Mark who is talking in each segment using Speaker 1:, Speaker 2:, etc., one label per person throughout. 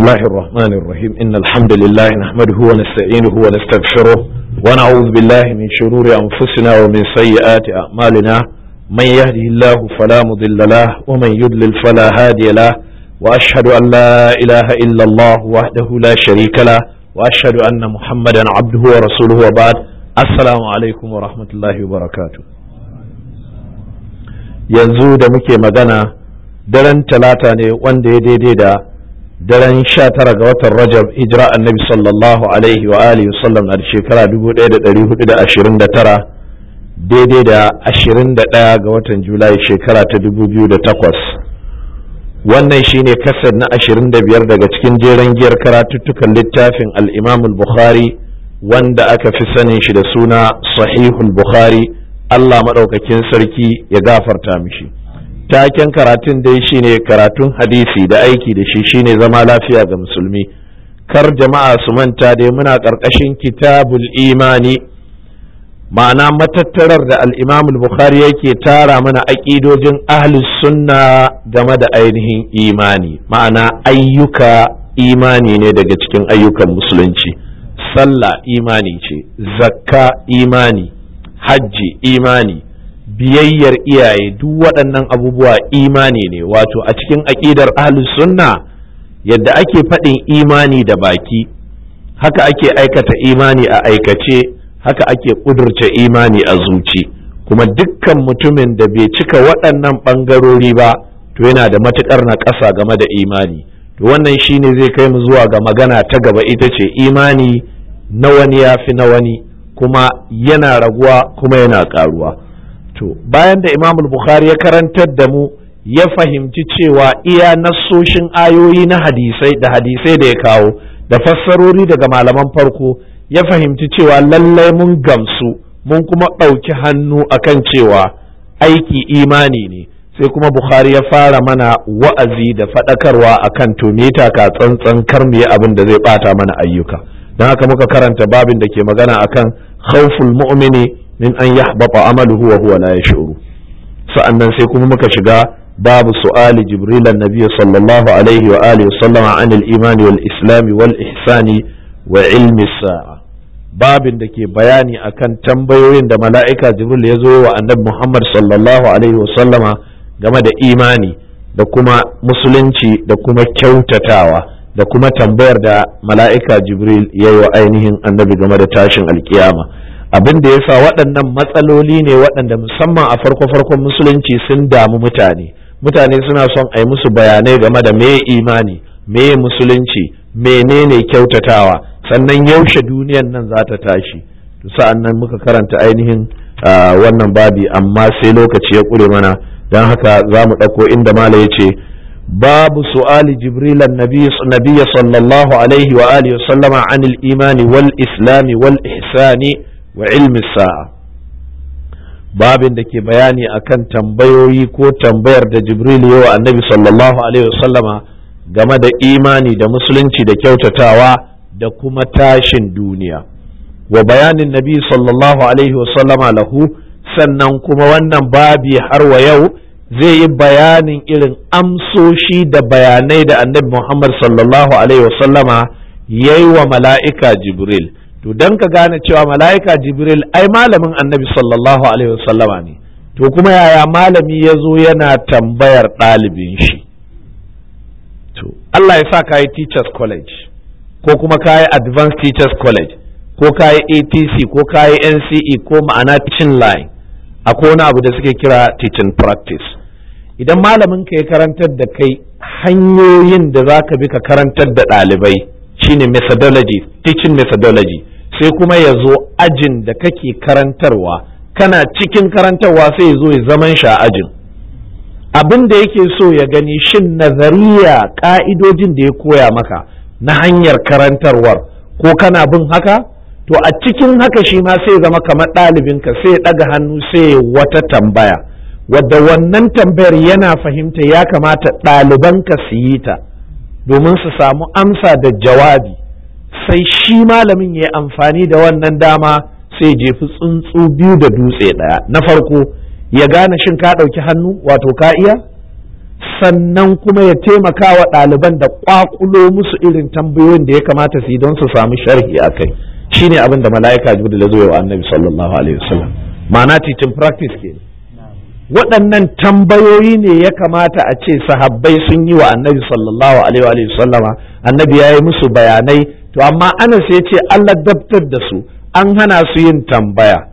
Speaker 1: الله الرحمن الرحيم إن الحمد لله نحمده ونستعينه ونستغفره ونعوذ بالله من شرور أنفسنا ومن سيئات أعمالنا من يهده الله فلا مضل له ومن يضلل فلا هادي له وأشهد أن لا إله إلا الله وحده لا شريك له وأشهد أن محمدا عبده ورسوله وبعد السلام عليكم ورحمة الله وبركاته yanzu da muke magana daren talata ne wanda ya daidai da daren tara ga watan rajab hijira annabi sallallahu alaihi wa alihi wasallam a shekara 1429 daidai da 21 ga watan julai shekara ta 2008 wannan shine kasar na 25 daga cikin jeren giyar karatuttukan littafin al-imam al-bukhari wanda aka fi sanin shi da suna sahihul bukhari Allah maɗaukakin sarki ya gafarta mishi taken karatun dai shine karatun hadisi da aiki da shi shine zama lafiya ga musulmi kar jama'a su manta dai muna ƙarƙashin kitabul imani ma'ana matattarar da al'imamul bukhari yake tara mana aƙidojin ahlus sunna game da ainihin imani ma'ana ayyuka imani ne daga cikin ayyukan musulunci sallah imani ce zakka imani hajji imani biyayyar iyaye duk waɗannan abubuwa imani ne wato a cikin aƙidar ahlus sunna yadda ake faɗin imani da baki haka ake aikata imani a aikace haka ake ƙudurce imani a zuci kuma dukkan mutumin da bai cika waɗannan ɓangarori ba to yana da matuƙar na ƙasa game da imani to wannan shi ne zai kai mu zuwa ga magana ta gaba ita ce imani na wani ya fi na wani kuma yana raguwa kuma yana ƙaruwa to bayan da imamul bukhari ya karantar da mu ya fahimci cewa iya nassoshin ayoyi na hadisai da hadisai da ya kawo da fassarori daga malaman farko ya fahimci cewa lallai mun gamsu mun kuma ɗauki hannu akan cewa aiki imani ne sai kuma bukhari ya fara mana wa'azi da faɗakarwa akan to me taka tsantsan kar mu abin da zai ɓata mana ayyuka don haka muka karanta babin da ke magana akan khawful mu'mini min an yahbata amaluhu wa huwa la yash'uru sa'annan sai kuma muka shiga babu su'ali jibril annabi sallallahu alaihi wa alihi sallama an al-iman wal islam wal ihsani wa ilmi sa'a babin da ke bayani akan tambayoyin da mala'ika jibril ya zo wa annabi muhammad sallallahu alaihi wa sallama game da imani da kuma musulunci da kuma kyautatawa da kuma tambayar da mala'ika jibril ya yi wa ainihin annabi game da tashin alkiyama abin da ya sa waɗannan matsaloli ne waɗanda musamman a farko-farkon musulunci sun damu mutane mutane suna son a yi musu bayanai game da meye imani meye musulunci menene kyautatawa sannan yaushe duniyan nan za ta tashi sa'an nan muka karanta ainihin wannan babi amma sai lokaci ya ƙure mana don haka za mu ɗauko inda mala ya ce babu su'ali jibril nabiya sallallahu alaihi wa alihi sallama anil imani wal islami wal ihsani wa ilmi sa'a babin da ke bayani akan tambayoyi ko tambayar da jibril yawa annabi sallallahu alaihi game da imani da musulunci da kyautatawa da kuma tashin duniya wa bayanin nabi sallallahu alaihi wasallama lahu sannan kuma wannan babi har wa yau zai yi bayanin irin amsoshi da bayanai da annabi muhammad sallallahu alaihi wasallama ya yi wa mala'ika jibril to dan ka gane cewa mala'ika jibril ai malamin annabi sallallahu alaihi wasallama ne to kuma yaya malami ya zo yana tambayar ɗalibin shi to Allah ya sa kayi teachers college ko kuma kayi advanced teachers college ko kayi ATC ko kayi NCE ko ma'ana teaching line akwai wani abu da suke kira teaching practice idan malamin ka ya karantar da kai hanyoyin da za ka bi ka karantar da ɗalibai shine methodology teaching methodology sai kuma ya zo ajin da kake karantarwa kana cikin karantarwa sai ya zo ya zaman sha ajin abin da yake so ya gani shin nazariya ka'idojin da ya koya maka na hanyar karantarwar ko kana bin haka to a cikin haka shi ma sai zama kamar ɗalibinka sai ya ɗaga hannu sai ya wata tambaya wadda wannan tambayar yana fahimta ya kamata ɗalibanka su yi ta domin su samu amsa da jawabi sai shi malamin ya yi amfani da wannan dama sai jefi tsuntsu biyu da dutse ɗaya na farko ya gane shin ka ɗauki hannu wato ka iya sannan kuma ya taimaka wa ɗaliban da ƙwaƙulo musu irin tambayoyin da ya kamata su yi don su samu sharhi a kai Shi ne abin da mala'ika jibril ya zo wa annabi sallallahu alaihi wasallam ma'ana titin practice ke. waɗannan tambayoyi ne ya kamata a ce sahabbai sun yi wa annabi sallallahu alaihi wa sallama annabi ya yi musu bayanai to amma anas ya ce Allah dabtar da su an hana su yin tambaya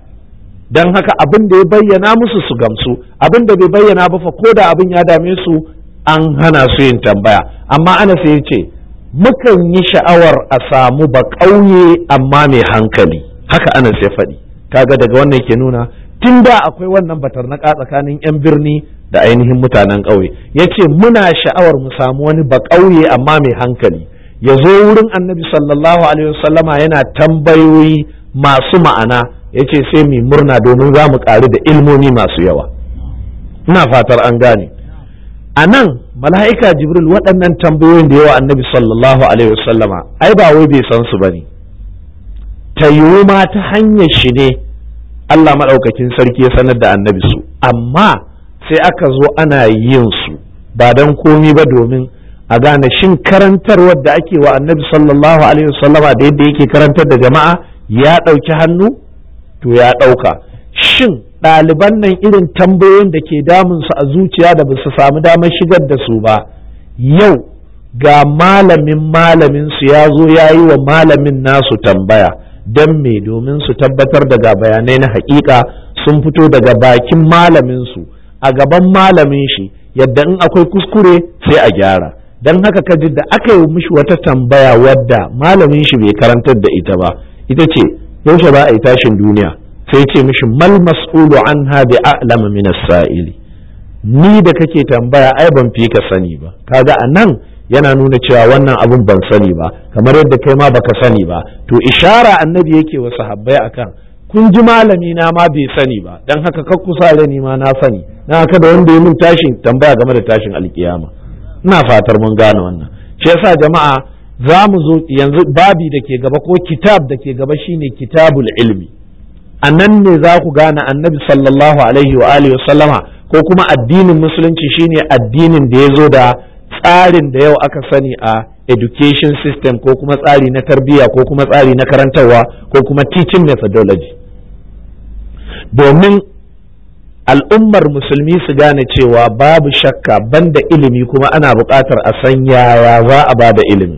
Speaker 1: don haka abin da ya bayyana musu su gamsu abin da bai bayyana ba fa ko da abin ya dame su an hana su yin tambaya amma anas ya ce mukan yi sha'awar a samu ba ƙauye amma mai hankali haka anas ya faɗi kaga daga wannan ke nuna tun da akwai wannan batar batarnaka tsakanin 'yan birni da ainihin mutanen ƙauye yace muna sha'awar mu samu wani ba ƙauye amma mai hankali ya zo wurin annabi sallallahu alaihi wasallama yana tambayoyi masu ma'ana ya ce sai mu murna domin za mu ƙaru da ilmomi masu yawa ina fatar an gane a nan mala'ika jibril waɗannan tambayoyin da yawa annabi sallallahu alaihi wasallama ai ba wai bai san su bane ta yiwu ma ta hanyar shi ne Allah maɗaukakin sarki ya sanar da annabi su amma sai aka zo ana yin su ba don komi ba domin a gane shin karantarwar da ake wa annabi sallallahu alaihi wasallama da yadda yake karantar da jama'a ya ɗauki hannu to ya ɗauka shin ɗaliban nan irin tambayoyin da ke damunsu a zuciya da ba su samu damar shigar da su ba yau ga malamin malamin su ya zo ya yi wa malamin nasu tambaya don me domin su tabbatar daga bayanai na haƙiƙa sun fito daga bakin malamin su a gaban malamin shi yadda in akwai kuskure sai a gyara don haka ka ji da aka yi mishi wata tambaya wadda malamin shi bai karantar da ita ba ita ce yaushe ba a yi tashin duniya sai ce mishi mal mas'ulu an bi a'lama min sa'ili ni da kake tambaya ai ban fi ka sani ba kaga a nan yana nuna cewa wannan abun ban sani ba kamar yadda kai ma baka sani ba to ishara annabi yake wa sahabbai akan kun ji malami na ma bai sani ba dan haka kakkusa da ni ma na sani na haka da wanda ya min tashin tambaya game da tashin alkiyama ina fatar mun gane wannan shi yasa jama'a za mu zo yanzu babi da ke gaba ko kitab da ke gaba shine kitabul ilmi a nan ne za ku gane annabi sallallahu alaihi wa alihi sallama ko kuma addinin musulunci shine addinin da ya zo da tsarin da yau aka sani a education system ko kuma tsari na tarbiyya ko kuma tsari na karantarwa ko kuma teaching methodology domin al'ummar musulmi su gane cewa babu shakka banda ilimi kuma ana buƙatar a san yaya za a bada ilimi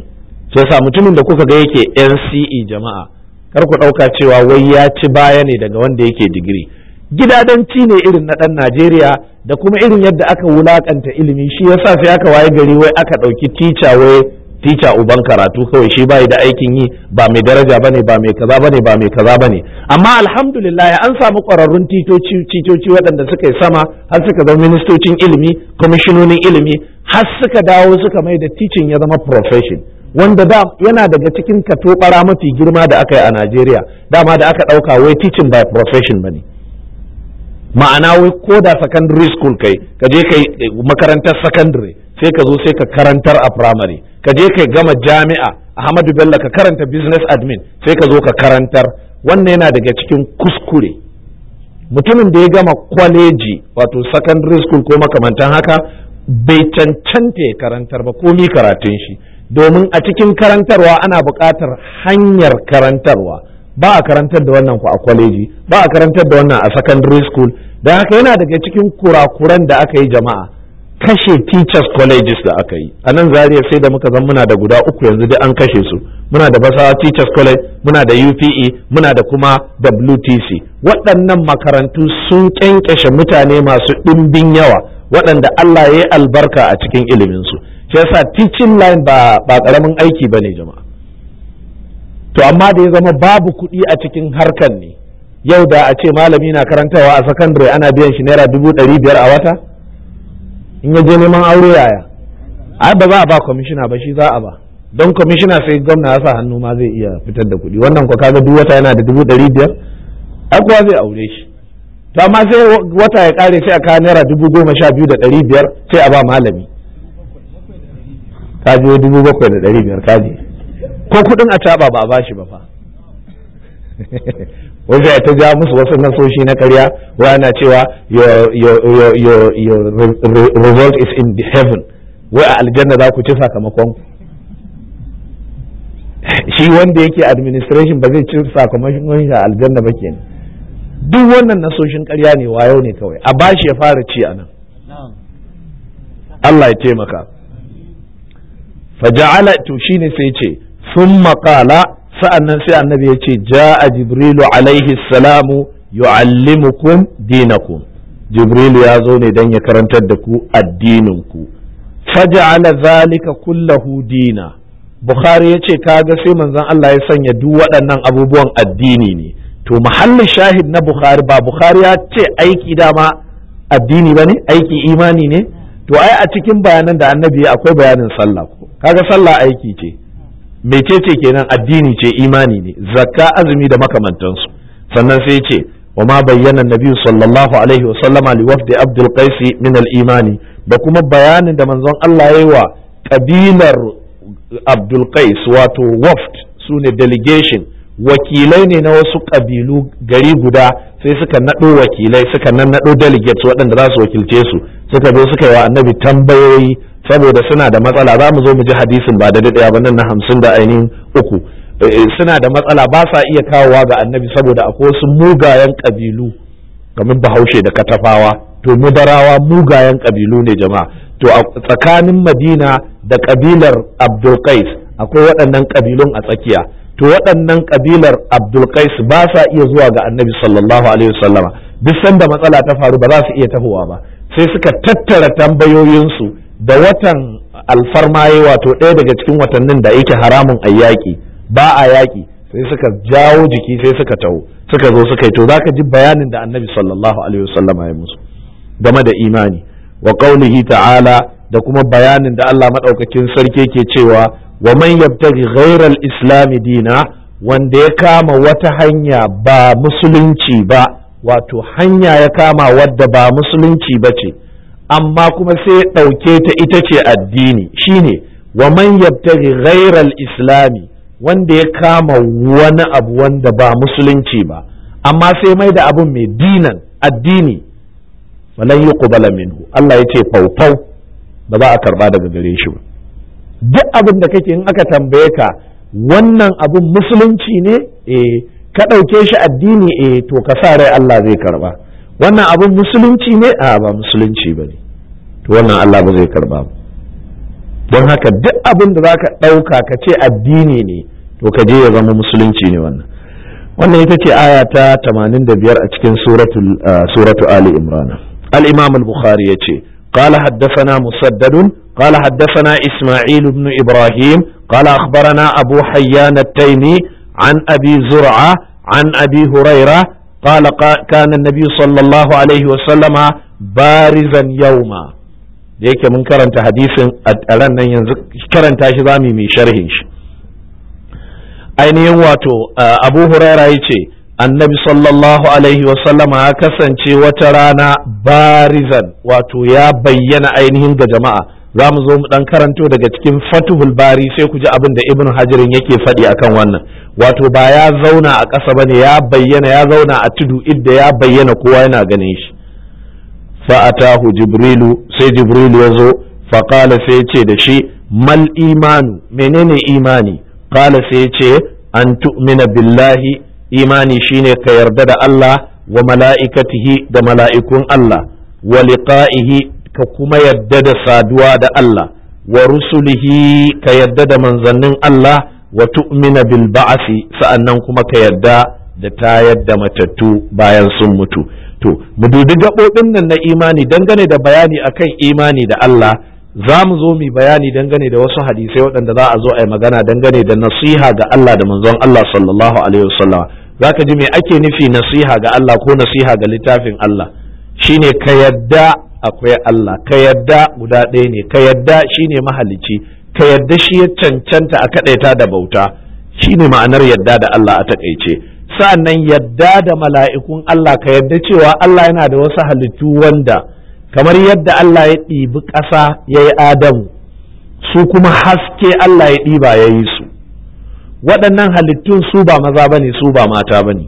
Speaker 1: sai sa mutumin da kuka ga yake NCE jama'a kar ku ɗauka cewa wai ya ci baya ne daga wanda yake digiri gidadanci ne irin na ɗan Najeriya da kuma irin yadda aka wulakanta ilimi shi yasa sai aka waye gari wai aka ɗauki tica wai tica uban karatu kawai shi bai da aikin yi ba mai daraja bane ba mai kaza bane ba mai kaza bane amma alhamdulillah an samu kwararrun titoci titoci waɗanda suka yi sama har suka zama ministocin ilimi kwamishinonin ilimi har suka dawo suka mai da teaching ya zama profession wanda da yana daga cikin kato bara mafi girma da aka yi a Najeriya dama da aka ɗauka wai teaching by profession bane ma'ana wai ko da secondary school kai ka je kai makarantar secondary sai ka zo sai ka karantar a primary ka je ka gama jami'a Ahmadu Bello ka karanta business admin sai ka zo ka karantar wannan yana daga cikin kuskure mutumin da ya gama kwaleji wato secondary school ko makamantan haka bai cancanta ya karantar ba komi karatun shi domin a cikin karantarwa ana buƙatar hanyar karantarwa ba a karantar da wannan ku a kwaleji ba a karantar da wannan a secondary school dan haka yana daga cikin kurakuran da aka yi jama'a kashe teachers colleges da aka yi a nan zariya sai da muka zan muna da guda uku yanzu dai an kashe su muna da basawa teachers college muna da upe muna da kuma wtc waɗannan makarantu sun kyankyashe mutane masu ɗimbin yawa waɗanda allah ya yi albarka a cikin iliminsu shi yasa teaching line ba ƙaramin aiki ba ne jama'a to amma da ya zama babu kuɗi a cikin harkan ne yau da a ce malami na karantawa a sakandare ana biyan shi naira dubu ɗari biyar a wata in ya je neman aure yaya ai ba za a ba kwamishina ba shi za a ba don kwamishina sai gwamna ya sa hannu ma zai iya fitar da kuɗi wannan kwa kaga duk wata yana da dubu ɗari biyar ai kuwa zai aure shi to amma sai wata ya ƙare sai a kawo naira dubu goma sha biyu da ɗari biyar sai a ba malami ka biyo dubu bakwai da ɗari biyar ka ko kuɗin a taɓa ba a ba shi ba fa wajen ta ja musu wasu nasoshi na karya wa ana cewa your result is in the heaven wai a aljanna za ku ci sakamakon shi wanda yake administration ba zai ci sakamakon shi a aljanna ba ke duk wannan nasoshin karya ne wayo ne kawai a bashi ya fara ci a nan Allah ya taimaka faja'ala to shine sai ce sun maƙala sa'annan sai annabi ya ce ja a jibrilu alaihi salamu yu'allimukum dinakum jibrilu ya zo ne don ya karantar da ku addinin ku faj'ala zalika kullahu dina bukhari ya yace kaga sai manzon Allah ya sanya duk waɗannan abubuwan addini ne to muhallin shahid na bukhari ba bukhari ya ce aiki dama addini bane aiki imani ne to ai a cikin bayanan da annabi akwai bayanin sallah kaga sallah aiki ce mecece kenan addini ce imani ne zakka azumi da makamantansu sannan sai ce wa ma bayyana nabi sallallahu alaihi wa sallama li wafdi abdul qais min al imani da kuma bayanin da manzon Allah yayi wa kabilar abdul qais wato waft sune delegation wakilai ne na wasu kabilu gari guda sai suka nado wakilai suka nan nado delegates waɗanda za su wakilce su suka zo suka yi wa annabi tambayoyi saboda suna da matsala za mu zo mu ji hadisin ba da daɗaya ba nan na hamsin da ainihin uku eh, eh, suna da matsala ba sa iya kawowa ga annabi saboda akwai wasu mugayen ƙabilu kamar bahaushe da katafawa to mudarawa mugayen ƙabilu ne jama'a to tsakanin madina da ƙabilar abdulkais akwai waɗannan ƙabilun a tsakiya to waɗannan ƙabilar abdulkais ba sa iya zuwa ga annabi sallallahu alaihi wasallama duk sanda matsala ta faru ba za su iya tahowa ba sai suka tattara tambayoyinsu da watan alfarmaye wato ɗaya daga cikin watannin da yake haramun a yaƙi ba a yaƙi sai suka jawo jiki sai suka taho suka zo suka yi to zaka ji bayanin da annabi sallallahu alaihi wasallama ya musu game da imani wa qaulihi ta'ala da kuma bayanin da Allah maɗaukakin sarki ke cewa wa man yabtaghi ghayra dina wanda ya kama wata hanya ba musulunci ba wato hanya ya kama wadda ba musulunci ba ce amma kuma sai ɗauke ta ita ce addini shine wa man yabtaghi ghairal islami wanda ya kama wani abu wanda ba musulunci ba amma sai mai da abun mai dinan addini falan kubala minhu Allah ce faufau ba za a karba daga gare shi ba duk abin da kake in aka tambaye ka wannan abun musulunci ne eh ka ɗauke shi addini eh to ka sa rai Allah zai karba wannan abin musulunci ne a ba musulunci ba ne to wannan Allah ba zai karba ba don haka duk abin da zaka ɗauka ka ce addini ne to ka je ya zama musulunci ne wannan wannan ita ce aya ta 85 a cikin suratu ali imran al-imam al-bukhari yace qala haddathana musaddad qala haddathana isma'il ibn ibrahim qala akhbarana abu hayyan at-taymi an abi zur'a an abi huraira qala kana annabi sallallahu alaihi wasallama barizan yauma da yake mun karanta hadisin a ran nan yanzu karanta shi zamu mai sharhin shi ainihin wato abu huraira yace annabi sallallahu alaihi wasallama ya kasance wata rana barizan wato ya bayyana ainihin ga jama'a za mu zo mu dan karanto daga cikin fatuhul bari sai ku ji abin da ibn hajirin yake faɗi akan wannan wato ba ya zauna a ƙasa ba ne, ya bayyana ya zauna a tudu idda ya bayyana kowa yana ganin shi fa'atahu jibrilu sai jibrilu ya zo faƙala sai ce da shi mal imanu menene imani ƙala sai ce an tu'mina billahi imani shine ka yarda da Allah wa mala'ikatihi da mala'ikun Allah wa liqa'ihi ka kuma yadda da saduwa da Allah wa rusulihi ka yadda da manzannin Allah wa tu'mina bil ba'asi sa'annan kuma ka yadda da tayar da matattu bayan sun mutu to mu dubi gaɓoɓin nan na imani dangane da bayani akan imani da Allah za mu zo mu bayani dangane da wasu hadisai waɗanda za a zo a yi magana dangane da nasiha ga Allah da manzon Allah sallallahu alaihi wasallam za ka ji me ake nufi nasiha ga Allah ko nasiha ga littafin Allah shine ka yadda akwai Allah ka yadda guda ɗaya ne ka yadda ne mahalicci ka yadda shi ya cancanta a kaɗaita da bauta shi ne ma'anar yadda da Allah a taƙaice sa'annan yadda da mala'ikun Allah ka yadda cewa Allah yana da wasu halittu wanda kamar yadda Allah ya ɗibi ƙasa ya yi Adamu su kuma haske Allah ya ɗiba ya yi su waɗannan halittun su ba maza ba ne su ba mata ba ne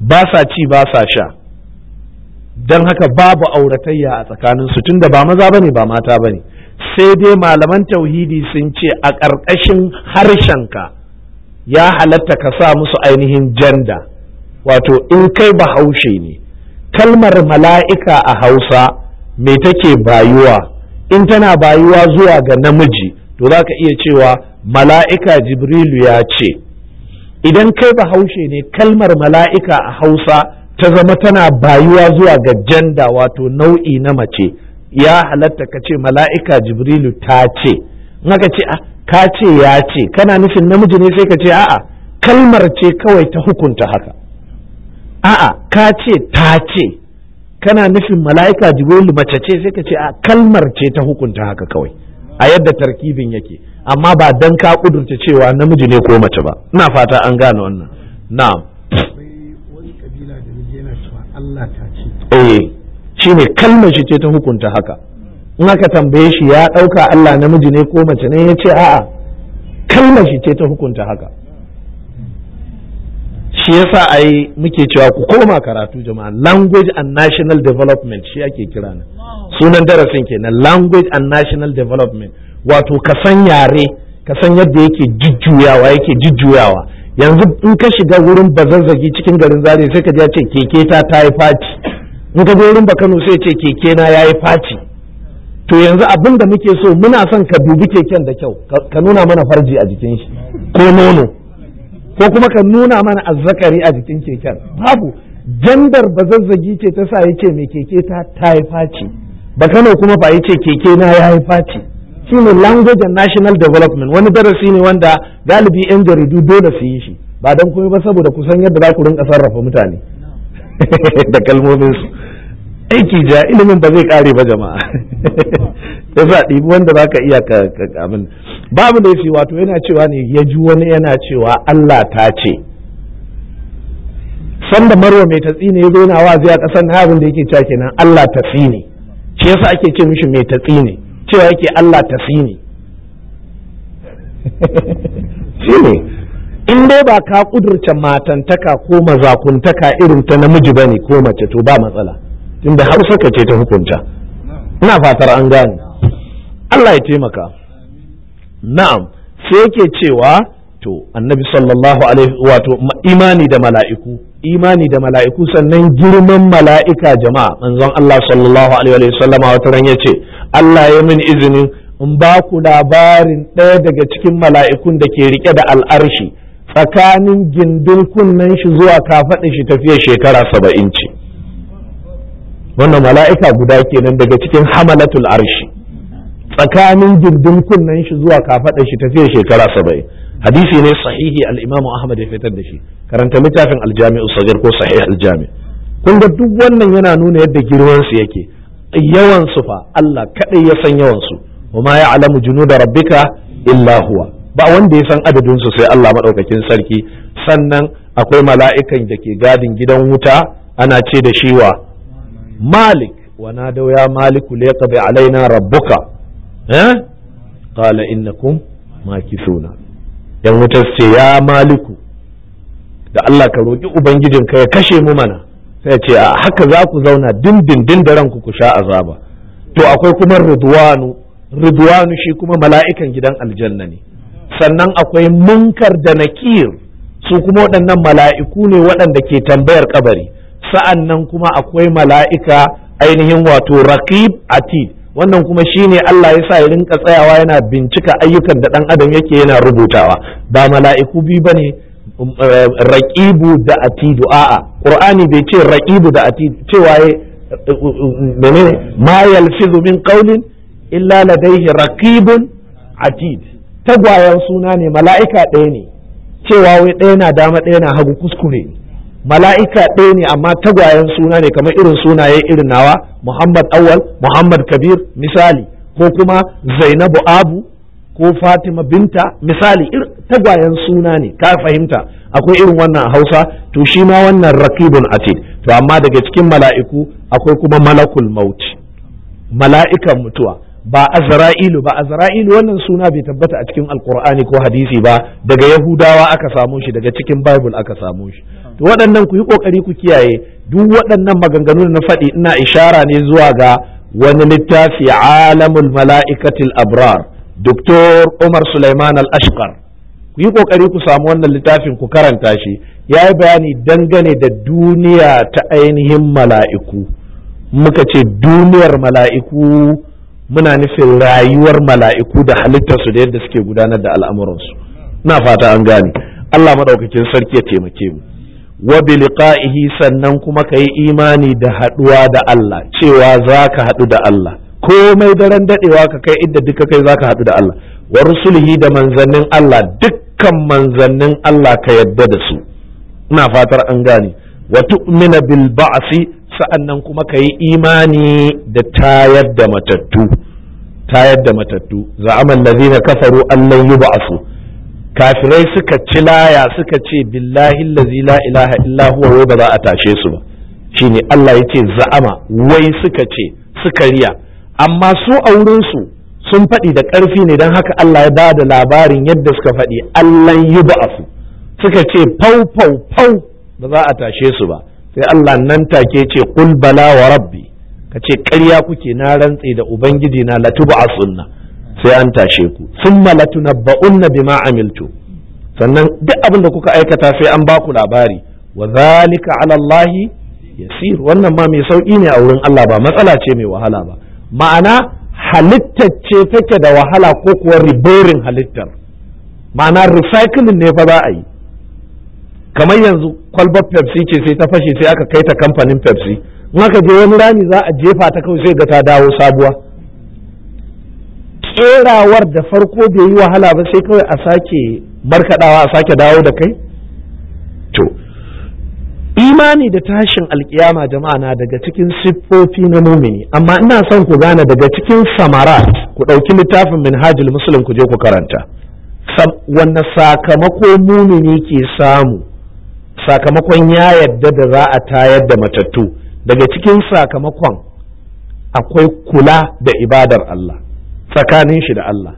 Speaker 1: ba sa ci ba sa sha don haka babu auratayya a tsakanin su tunda ba maza bane ba mata bane sai dai malaman tauhidi sun ce a ƙarƙashin harshenka ya halatta ka sa musu ainihin janda wato in kai bahaushe ne kalmar mala'ika a hausa me take bayuwa in tana bayuwa zuwa ga namiji to za ka iya cewa mala'ika jibrilu ya ce idan kai bahaushe ne kalmar mala'ika a hausa ta zama tana bayuwa zuwa ga janda wato nau'i na mace ya halatta ka ce mala'ika jibrilu ta ce naka ce ah, ka ce ya ce kana nufin namiji ne sai ka ce a'a kalmar ce kawai ta hukunta haka a'a ka ce ta ce kana nufin mala'ika jibrilu mace ce sai ka ce a kalmar ce ta hukunta haka kawai a yadda tarkibin yake amma ba dan ka kudurta cewa namiji ne ko mace ba ina fata an gane wannan na'am Allah ta ce eh shine kalmar shi ce ta hukunta haka in aka tambaye shi ya ɗauka Allah namiji ne ko mace ne ya ce a'a kalmar shi ce ta hukunta haka shi yasa ai muke cewa ku koma karatu jama'a language and national development shi ake kira na sunan darasin kenan language and national development wato ka san yare ka san yadda yake jujjuyawa yake jujjuyawa yanzu in ka shiga wurin bazazzagi cikin garin zare sai ka ce keke ta ta yi fati in ka wurin bakano sai ce keke na ya yi fati to yanzu abin da muke so muna son ka dubi keken da kyau ka nuna mana farji a jikin shi ko nono ko kuma ka nuna mana azzakari a jikin keken babu jandar bazazzagi ce ta sa ya ce mai keke ta ta yi fati bakano kuma ba ya ce keke na ya yi fati. ne language and national development wani darasi ne wanda galibi yan jaridu dole su yi shi ba don kuma ba saboda kusan yadda za ku rinka sarrafa mutane da kalmomin su aiki ja ilimin ba zai kare ba jama'a Ya sa ɗibi wanda za ka iya abin babu da wato yana cewa ne ya ji wani yana cewa Allah ta ce sanda marwa mai tatsi ne ya zo yana wazi a ƙasar na abin da yake cewa kenan Allah ta ne shi yasa ake ce mishi mai tatsi ne cewa yake Allah ta shi ne, in dai ba ka kudurce matantaka ko mazakuntaka irin ta namiji ba ne ko mace to ba matsala inda har suka ce ta hukunta ina fatar an gane Allah ya taimaka na'am sai yake cewa to annabi sallallahu alaihi wato imani da mala'iku imani da mala'iku sannan girman mala'ika jama'a manzon Allah sallallahu alaihi wa sallama wata ran yace Allah ya min izinin in ba ku labarin ɗaya daga cikin mala'ikun da ke rike da al'arshi tsakanin gindin kunnen shi zuwa kafaɗin shi tafiya shekara saba'in ce wannan mala'ika guda kenan daga cikin hamalatul arshi tsakanin gindin kunnen shi zuwa kafaɗin shi tafiya shekara saba'in hadisi ne sahihi al'imamu ahmad ya fitar da shi karanta littafin aljami'u sagir ko sahih aljami'u. kun ga duk wannan yana nuna yadda girmansu su yake yawan su fa Allah kadai ya san yawan su wa ma ya'lamu junuda rabbika illa huwa ba wanda ya san adadin su sai Allah madaukakin sarki sannan akwai mala'ikan da ke gadin gidan wuta ana ce da shi wa malik wa nadau ya maliku liqdi alaina rabbuka eh qala innakum makithuna yan wutar ce ya maliku da Allah ka roki ubangijinka ya kashe mu mana sai ce a haka za ku zauna dindindin da ranku ku sha azaba to akwai kuma ridwanu ridwanu shi kuma mala'ikan gidan aljanna ne sannan akwai munkar da nakir su kuma waɗannan mala'iku ne waɗanda ke tambayar kabari sa'an nan kuma akwai mala'ika ainihin wato raqib ati, wannan kuma shine Allah ya sa ya rinka tsayawa yana bincika ayyukan da ɗan adam yake yana rubutawa ba mala'iku biyu bane um, eh, raqibu da atidu a'a qur'ani bai ce raqibu da Ati cewa menene ma yalfizu min qawlin illa ladayhi raqibun atid tagwayen suna ne mala'ika ɗaya ne cewa wai ɗaya na dama ɗaya na hagu kuskure mala'ika ɗaya ne amma tagwayen suna ne kamar irin sunaye irin nawa Muhammad Awal Muhammad Kabir misali ko kuma Zainabu Abu ko fatima binta misali tagwayen suna ne ka fahimta akwai irin wannan hausa to shi ma wannan raqibun atid to amma daga cikin mala'iku akwai kuma malakul maut mala'ikan mutuwa ba azra'ilu ba azra'ilu wannan suna bai tabbata a cikin alkur'ani ko hadisi ba daga yahudawa aka samu shi daga cikin bible aka samu shi to waɗannan ku yi kokari ku kiyaye duk waɗannan maganganu na faɗi ina ishara ne zuwa ga wani littafi alamul mala'ikatil abrar Dr. Umar Sulaiman Al-Ashqar ku yi ƙoƙari ku samu wannan littafin ku karanta shi ya yi bayani dangane da duniya ta ainihin mala'iku muka ce duniyar mala'iku muna nufin rayuwar mala'iku da halittarsu da yadda suke gudanar da al'amuransu na fata an gane Allah maɗaukakin sarki ya taimake mu wa sannan kuma ka yi imani da haɗuwa da Allah cewa za ka haɗu da Allah komai daren dadewa ka kai inda duka kai zaka haɗu da Allah wa rusulihi da manzannin Allah dukkan manzannin Allah ka yadda da su ina fatar an gane wa tu'mina bil ba'si sa'annan kuma ka yi imani da tayar da matattu tayar da matattu za'aman lazina kafaru allan yub'asu kafirai suka ci laya suka ce billahi allazi la ilaha illa huwa ba za a tashe su ba shine Allah yace za'ama wai suka ce suka riya amma su a wurinsu sun faɗi da ƙarfi ne don haka Allah ya ba da labarin yadda suka faɗi Allah yi ba'afu suka ce fau fau fau ba za a tashe su ba sai Allah nan take ce kul bala wa rabbi ka ce ƙarya kuke na rantse da ubangiji na latu a sunna sai an tashe ku Sun ba'un na bima amiltu sannan duk abin da kuka aikata sai an baku labari wa zalika ala yasir wannan ma mai sauƙi ne a wurin Allah ba matsala ce mai wahala ba ma'ana halittar ce take da wahala ko kuwa riborin halittar ma'ana recycling ne fa za a yi kamar yanzu kwalbar pepsi ce sai ta fashe sai aka kai ta kamfanin pepsi in aka je wani rani za a jefa ta kawai sai ga ta dawo sabuwa kerawar da farko bai yi wahala ba sai kawai a sake markaɗawa a sake dawo da kai imani da tashin alkiyama jama'a na daga cikin siffofi na mumini amma ina son ku gane daga cikin samara ku ɗauki littafin minhajul muslim ku je ku karanta wanne sakamako mumini ke samu sakamakon ya yadda da za a tayar da matattu daga cikin sakamakon akwai kula da ibadar Allah tsakanin shi da Allah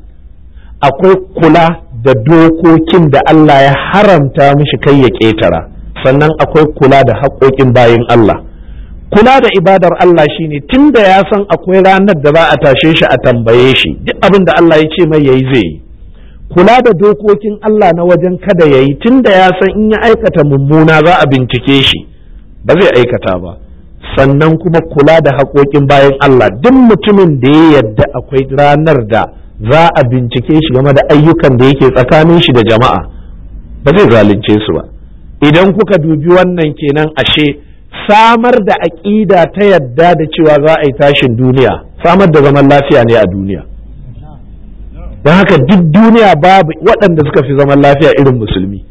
Speaker 1: akwai kula da dokokin da Allah ya haramta mishi kai ya ƙetara sannan akwai kula da haƙoƙin bayin Allah kula da ibadar Allah shine da ya san akwai ranar da za a tashe shi a tambaye shi duk abin da Allah ya ce mai yayi zai yi kula da dokokin Allah na wajen kada ya yi tun da ya san in ya aikata mummuna za a bincike shi ba zai aikata ba sannan kuma kula da haƙoƙin bayan Allah duk mutumin da ya yadda akwai ranar da za a bincike shi game da ayyukan da yake tsakanin shi da jama'a ba zai zalunce su ba idan kuka dubi wannan kenan ashe samar da aƙida ta yadda da cewa za a yi tashin duniya samar da zaman lafiya ne a duniya don haka duk duniya babu waɗanda suka fi zaman lafiya irin musulmi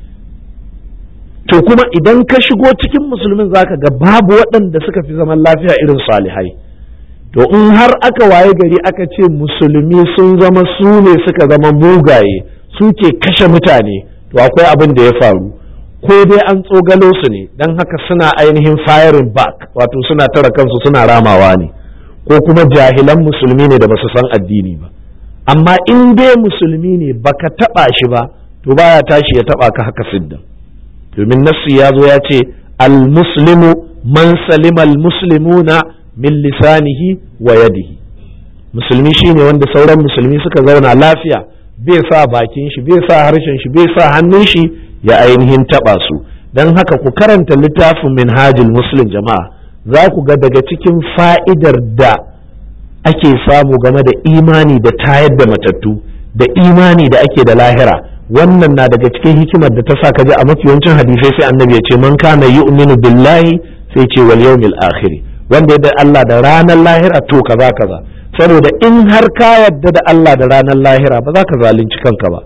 Speaker 1: to kuma idan ka shigo cikin musulmin zaka ga babu waɗanda suka fi zaman lafiya irin salihai to in har aka waye gari aka ce musulmi sun zama su ne suka zama mugaye su ke kashe mutane to akwai abin da ya faru ko dai an tsogalo su ne don haka suna ainihin firing back wato suna tara kansu suna ramawa ne ko kuma jahilan musulmi ne da basu san addini ba amma in dai musulmi ne baka taɓa shi ba to baya tashi ya taba ka haka siddan domin nassi ya zo ya ce al-muslimu man salima al-muslimuna min lisanihi wa yadihi musulmi shine wanda sauran musulmi suka zauna lafiya bai sa bakin shi bai sa harshen shi bai sa hannun shi ya ainihin taɓa su don haka ku karanta littafin minhajul muslim jama'a za ku ga daga cikin fa'idar da ake samu game da imani da tayar da matattu da imani da ake da lahira wannan na daga cikin hikimar da ta sa ka ji a mafi hadisai sai annabi ya ce man kana yu'minu billahi sai ce wal yawmil akhir wanda ya da Allah da ranar lahira to kaza kaza saboda in har ka yarda da Allah da ranar lahira ba za ka zalunci kanka ba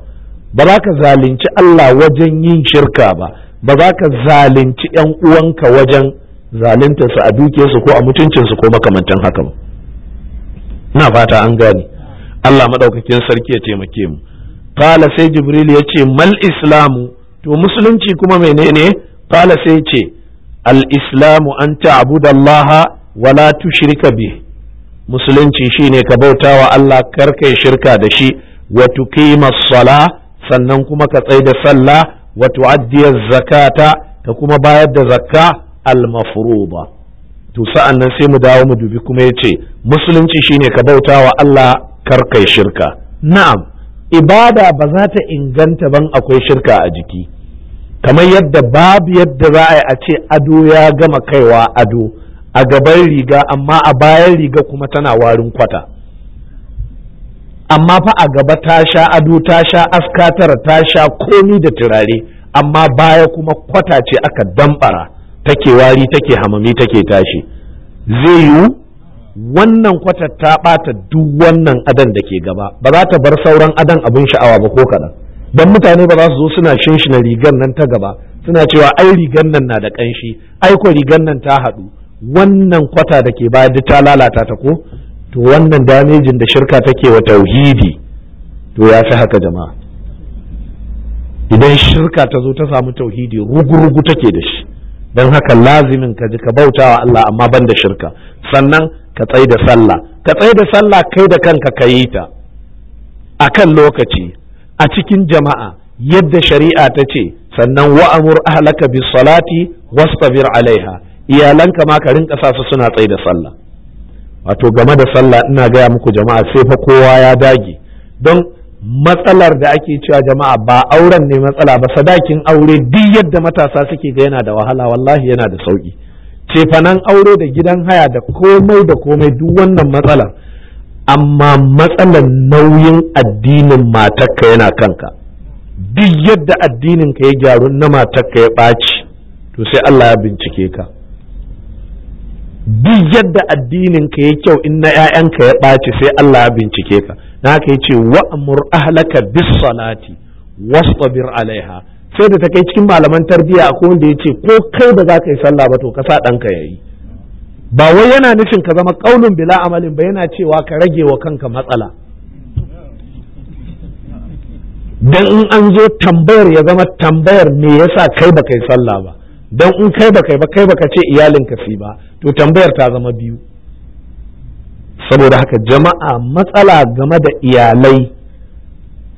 Speaker 1: ba za ka zalunci Allah wajen yin shirka ba ba za ka zalunci yan uwanka wajen zalunta su a su ko a mutuncinsu ko makamantan haka ba na fata an gane Allah madaukakin sarki ya taimake mu qala sai jibril ya ce mal islamu to musulunci kuma menene qala sai ce al islamu an ta'budallaha wala tushrika bi musulunci shine ka bautawa Allah karka shirka da shi wa tuqima sala sannan kuma ka tsai da sallah wa tu'addiya zakata ka kuma bayar da zakka al mafruḍa to sa'an sai mu dawo mu dubi kuma yace musulunci shine ka bauta wa Allah kar kai shirka na'am ibada ba za ta inganta ban akwai shirka a jiki kamar yadda babu yadda za a yi a ce ado ya gama kaiwa ado a gaban riga amma a bayan riga kuma tana warin kwata amma fa a gaba ta sha ado ta sha askatar ta sha komi da turare amma baya kuma kwata ce aka damfara take wari take hamami take tashi zai yiwu wannan kwata ta ɓata duk wannan adan da ke gaba ba za ta bar sauran adan abin sha'awa ba ko kaɗan don mutane ba za su zo suna na rigar nan ta gaba suna cewa ai rigar nan na da ƙanshi ai ko rigar nan ta haɗu wannan kwata da ke baya duk ta lalata ta ko to wannan damejin da shirka take wa tauhidi to ya fi haka jama'a idan shirka ta zo ta samu tauhidi rugurugu rugu take da shi don haka lazimin ka ji ka bauta wa Allah amma ban da shirka sannan ka tsai da sallah ka tsai da sallah kai da kanka ka yi ta a kan lokaci a cikin jama'a yadda shari'a ta ce sannan wa'amur ahlaka bis salati wastabir alaiha iyalanka ma ka rinka sa su suna tsai da sallah wato game da sallah ina gaya muku jama'a sai fa kowa ya dage don matsalar da ake cewa jama'a ba auren ne matsala ba sadakin aure duk yadda matasa suke ga yana da wahala wallahi yana da sauki cefanan aure da gidan haya da komai da komai duk wannan matsalar amma matsalar nauyin addinin matarka yana kanka duk yadda addinin ka ya gyaru na matarka ya ɓaci to sai Allah ya bincike ka duk yadda addinin ka ya kyau in na ƴaƴanka ya ɓaci sai Allah ya bincike ka na ka yace wa'mur ahlaka bis salati wastabir alaiha sai da ta kai cikin malaman tarbiyya akwai wanda yace ko kai ba za ka yi sallah ba to ka sa ɗanka yi. ba wai yana nufin ka zama ƙaunin bila amalin ba yana cewa ka rage wa kanka matsala dan in an zo tambayar ya zama tambayar me yasa kai ba ka yi sallah ba dan in kai ba kai ba kai ba ka ce iyalinka su ba to tambayar ta zama biyu saboda haka jama'a matsala game da iyalai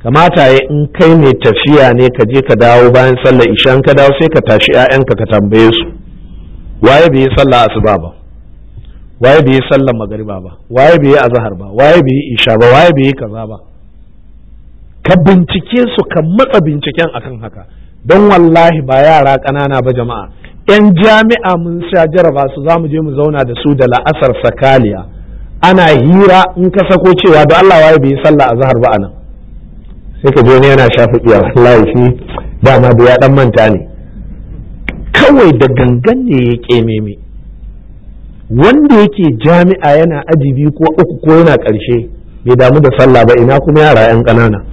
Speaker 1: kamata ya in kai mai tafiya ne ka je ka dawo bayan sallar ishan ka dawo sai ka tashi 'ya'yanka ka tambaye su waye bai yi sallar asuba ba waye bai yi sallar magariba ba waye bai yi azahar ba waye bai yi isha ba waye bai yi kaza ba ka bincike su ka matsa binciken akan haka don wallahi ba yara ƙanana ba jama'a 'yan jami'a mun sha jaraba su za mu je mu zauna da su da la'asar sakaliya ana hira in ka sako cewa da Allah waye bai sallah a zahar ba anan sai ka je ne yana shafi iya wallahi shi dama da ya dan manta ne kawai da gangan ne ya kememe wanda yake jami'a yana aji biyu ko uku ko yana ƙarshe, bai damu da sallah ba ina kuma yara yan ƙanana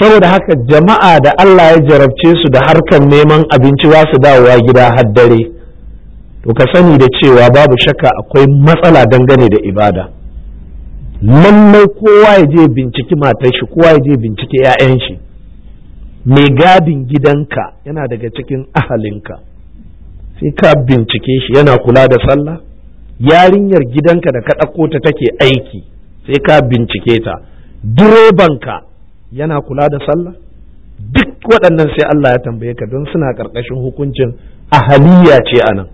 Speaker 1: saboda haka jama'a da Allah ya jarabce su da harkar neman abinci ba su dawowa gida har dare to ka sani da cewa babu shakka akwai matsala dangane da ibada lallai kowa ya je binciki matar shi kowa ya je binciki 'ya'yan shi mai gadin gidanka yana daga cikin ahalinka sai ka bincike shi yana kula da sallah yarinyar gidanka da ka ta take aiki sai ka bincike ta direbanka yana kula da sallah duk waɗannan sai Allah ya tambaye ka don suna ƙarƙashin hukuncin ahaliya ce a nan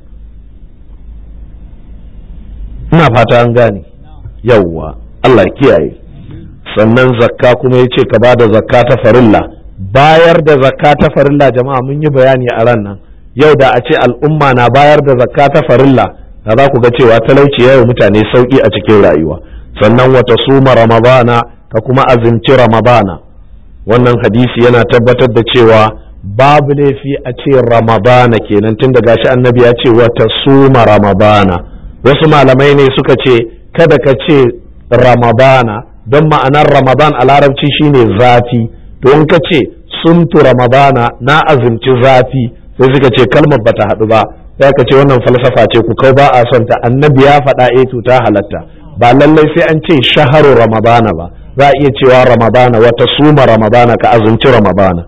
Speaker 1: ina fata an gane yawwa Allah kiyaye sannan zakka kuma ya ce ka ba da zakka ta farilla bayar da zakka ta farilla jama'a mun yi bayani a ran nan yau da a ce al'umma na bayar da zakka ta farilla da za ku ga cewa talauci ya yi mutane sauƙi a cikin rayuwa sannan wata suma ramadana ka kuma azinci ramadana wannan hadisi yana tabbatar da cewa babu laifi a ce ramadana kenan tun da gashi annabi ya ce wata suma ramadana wasu malamai ne suka ce kada ka ce ramadana don ma'anar ramadan a larabci shine zafi to in ka ce sumtu ramadana na azumci zafi sai suka ce kalmar bata haɗu ba sai ka ce wannan falsafa ce ku kai ba a son ta annabi ya faɗa eh to ta halatta ba lallai sai an ce shaharu ramadana ba za a iya cewa ramadana wata suma ramadana ka azumci ramadana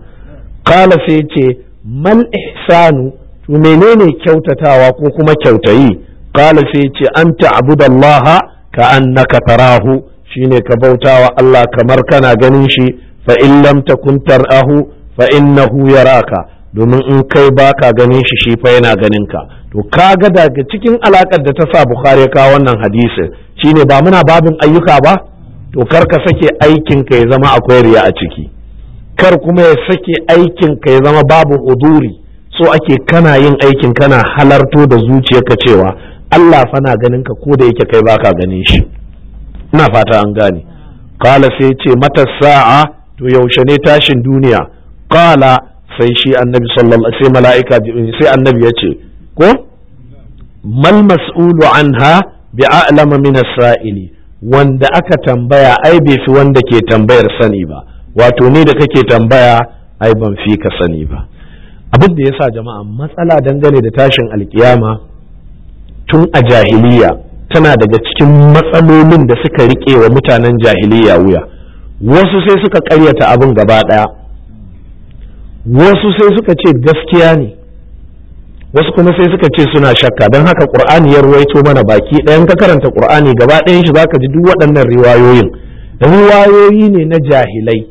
Speaker 1: qala sai ce mal ihsanu to menene kyautatawa ko kuma kyautayi kala sai ce an ta'budallaha ka annaka tarahu shine ka bautawa Allah kamar kana ganin shi fa in lam takun tarahu fa innahu yaraka domin in kai baka ganin shi shi fa yana ganin ka to ka ga daga cikin alakar da ta sa bukhari ka wannan hadisin shine ba muna babin ayyuka ba to kar ka sake aikin ka ya zama akwai riya a ciki kar kuma ya sake aikin ka ya zama babu huduri so ake kana yin aikin kana halarto da zuciyarka cewa Allah fa na ganin ka ko da yake kai baka ganin shi ina fata an gane qala sai ce mata sa'a to yaushe ne tashin duniya qala sai shi annabi sallallahu sai mala'ika sai annabi ya ce ko mal mas'ulu anha bi a'lama min as-sa'ili wanda aka tambaya ai bai fi wanda ke tambayar sani ba wato ne da kake tambaya ai ban fi ka sani ba abin da yasa jama'a matsala dangane da tashin alkiyama tun a jahiliya tana daga cikin matsalolin da suka rike wa mutanen jahiliya wuya wasu sai suka karyata abin gaba ɗaya, wasu sai suka ce gaskiya ne wasu kuma sai suka ce suna shakka don haka ƙur'ani ya ruwaito mana baki ɗayan ka karanta ƙur'ani, gaba ɗayan shi zaka ji duk waɗannan riwayoyin riwayoyi ne na jahilai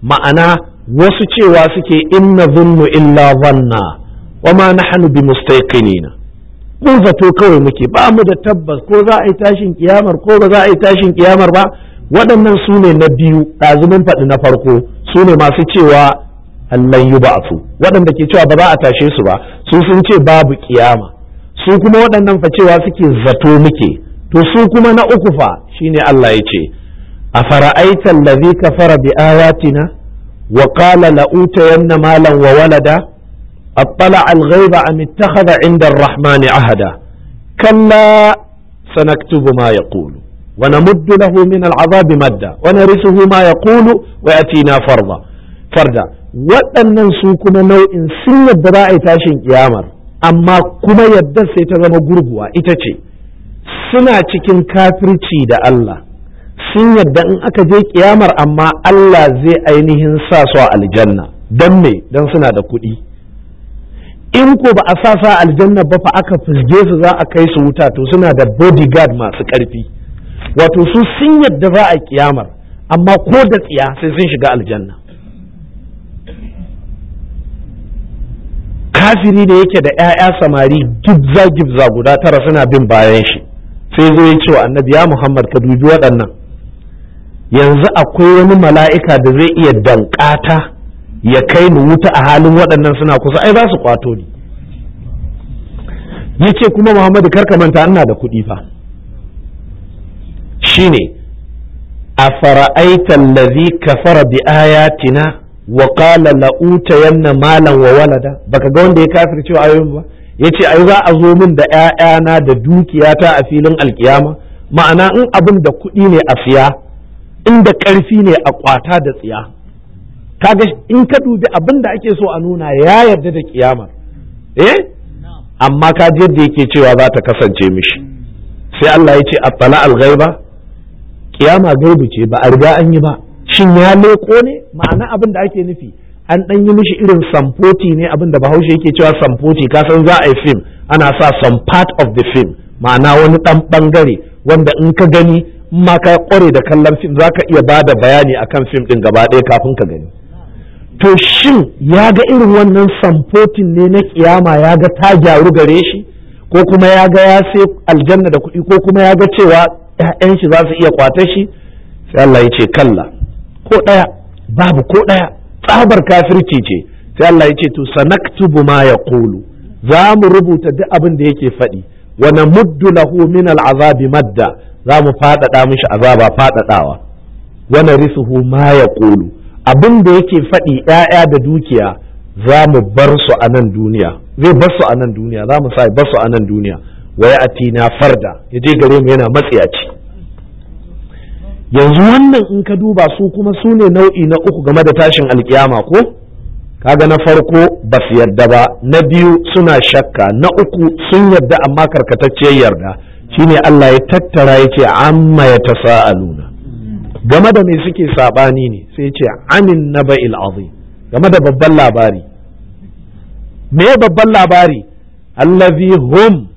Speaker 1: ma'ana wasu cewa suke inna zunnu illa zanna wa ma nahnu bi mustaqinina mun zato kawai muke ba mu da tabbas ko za a yi tashin kiyamar ko ba za a yi tashin kiyamar ba waɗannan su ne na biyu ɗazumin faɗi na farko su ne masu cewa allan yi ba'atu waɗanda ke cewa ba za a tashe su ba su sun ce babu kiyama su kuma waɗannan fa cewa suke zato muke to su kuma na uku fa shine Allah ya ce a fara'aita allazi kafara bi ayatina wa qala la utayanna malan wa walada attala al-ghaiba am ittakhadha 'inda ar-rahmani ahada kalla sanaktubu ma yaqulu wa namuddu lahu min al-'adhabi madda wa narisuhu ma yaqulu wa yatina farda farda waɗannan su kuma nau'in sun yadda za a yi tashin kiyamar amma kuma yadda sai ta zama gurguwa ita ce suna cikin kafirci da Allah sun yadda in aka je kiyamar amma Allah zai ainihin sa su a aljanna don me don suna da kuɗi in ko ba a sa sa aljanna ba fa aka fizge su za a kai su wuta to suna da bodyguard masu ƙarfi wato su sun yadda za a kiyamar amma ko da tsiya sai sun shiga aljanna kafiri da yake da 'ya'ya samari gibza gibza guda tara suna bin bayan shi sai zo ya ce wa annabi ya muhammad ka dubi waɗannan yanzu akwai wani mala'ika da zai iya danƙata ya kai ni wuta a halin waɗannan suna kusa ai za su kwato ni ya ce kuma muhammadu karka manta ina da kuɗi fa shine a fara'aita allazi kafara bi ayatina wa qala la utayanna malan wa walada baka ga wanda ya kafirce ayoyin ba yace ai za a zo min da ƴaƴana da dukiyata a filin alkiyama ma'ana in abin da kuɗi ne a siya in da ƙarfi ne a kwata da tsiya kaga in ka dubi abin da ake so a nuna ya yarda da kiyama eh amma ka ji yadda yake cewa za ta kasance mishi sai Allah ya ce attala al-ghaiba kiyama gaibi ce ba a riga an yi ba shin ya leko ne ma'ana abin da ake nufi an ɗan yi mishi irin samfoti ne abin da bahaushe yake cewa samfoti kasan za a yi fim ana sa some part of the film ma'ana wani ɗan ɓangare wanda in ka gani in ma ka kware da kallon fim za ka iya ba da bayani akan fim ɗin gaba ɗaya kafin ka gani to shin ya ga irin wannan samfotin ne na kiyama ya ga ta gyaru gare shi ko kuma ya ga ya sai aljanna da kuɗi ko kuma ya ga cewa 'ya'yan shi za su iya kwata shi sai Allah ya ce kalla ko ɗaya babu ko ɗaya tsabar kafirci ce sai Allah ya ce to sanaktubu ma yaqulu za mu rubuta duk abin da yake faɗi wa namuddu lahu min al'azabi madda za mu faɗaɗa mishi azaba faɗaɗawa wa narisuhu ma yaqulu abin da yake faɗi ƴaƴa da dukiya za mu bar su a nan duniya zai bar su a nan duniya za mu sa bar su a nan duniya wa atina farda yaje gare mu yana matsiyaci yanzu wannan in ka duba su kuma su ne nau'i na uku game da tashin alkiyama ko kaga na farko ba su yarda ba na biyu suna shakka na uku sun yarda amma karkatacciyar yarda shine Allah ya tattara yace ce amma ya tasa'aluna game da me suke saɓani ne sai ce amin naba'il azim game da babban labari me babban labari allazi hum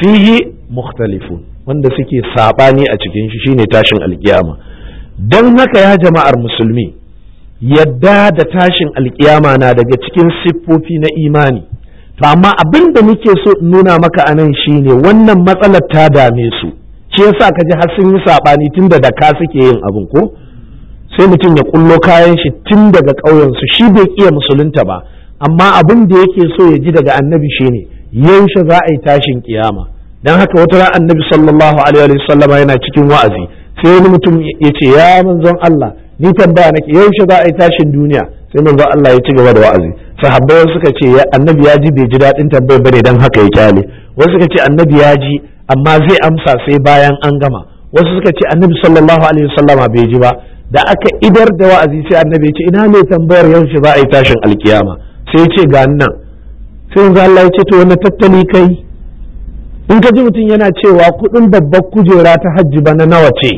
Speaker 1: fihi mukhtalifun wanda suke saɓani a cikin shi shine tashin alkiyama don haka ya jama'ar musulmi yadda da tashin alkiyama na daga cikin siffofi na imani to amma abin da muke so in nuna maka a nan shine wannan matsalar ta dame su shi yasa ka ji har sun yi saɓani tun da ka suke yin abin ko sai mutum ya kullo kayan shi tun daga ƙauyensu shi bai iya musulunta ba amma abin da yake so ya ji daga annabi shine yaushe za a yi tashin kiyama dan haka wata ran annabi sallallahu alaihi wa sallama yana cikin wa'azi sai wani mutum ya ce ya manzon Allah ni tambaya nake yaushe za a yi tashin duniya sai manzon Allah ya ci gaba da wa'azi sahabbai suka ce annabi ya ji bai ji dadin tambayar bane dan haka ya kyale wasu suka ce annabi ya ji amma zai amsa sai bayan an gama wasu suka ce annabi sallallahu alaihi bai ji ba da aka idar da wa'azi sai annabi ya ce ina ne tambayar yaushe za a yi tashin alkiyama sai ya ce ga nan sai manzon Allah ya ce to na tattali kai in ka ji mutum yana cewa kuɗin babbar kujera ta hajji bana nawa ce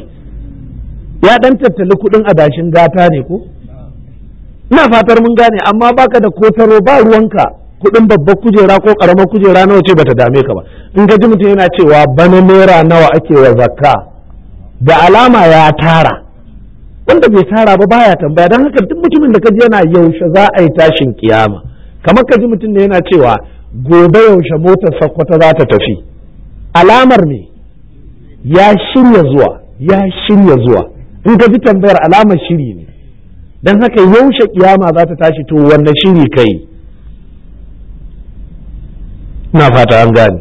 Speaker 1: ya ɗan tattali kuɗin adashin gata ne ko ina fatar mun gane amma baka da kotaro ba ruwanka kuɗin babbar kujera ko ƙaramar kujera nawa ce bata dame ka ba in ka ji mutum yana cewa bana naira nawa ake wa zakka da alama ya tara wanda bai tara ba baya tambaya don haka duk mutumin da ka ji yana yaushe za a yi tashin kiyama kamar ka ji mutum ne yana cewa gobe yaushe motar sakkwata za ta tafi alamar ne ya shirya zuwa ya shirya zuwa in ka fi tambayar alamar shiri ne don haka yaushe kiyama za ta tashi to wanda shiri kai na fata an gane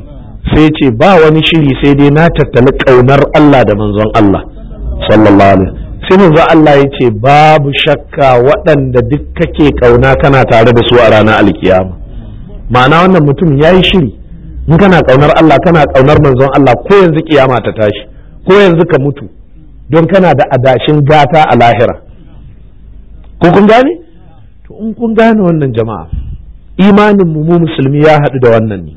Speaker 1: sai ce ba wani shiri sai dai na tattali ƙaunar Allah da manzon Allah sallallahu alaihi sai manzon Allah ya ce babu shakka waɗanda duk kake ƙauna kana tare da su a ranar alkiyama ma'ana wannan mutum ya yi shiri in kana kaunar Allah kana kaunar manzon Allah ko yanzu kiyama ta tashi ko yanzu ka mutu don kana da adashin gata a lahira ko kun gane to in kun gane wannan jama'a imanin mu musulmi ya haɗu da wannan ne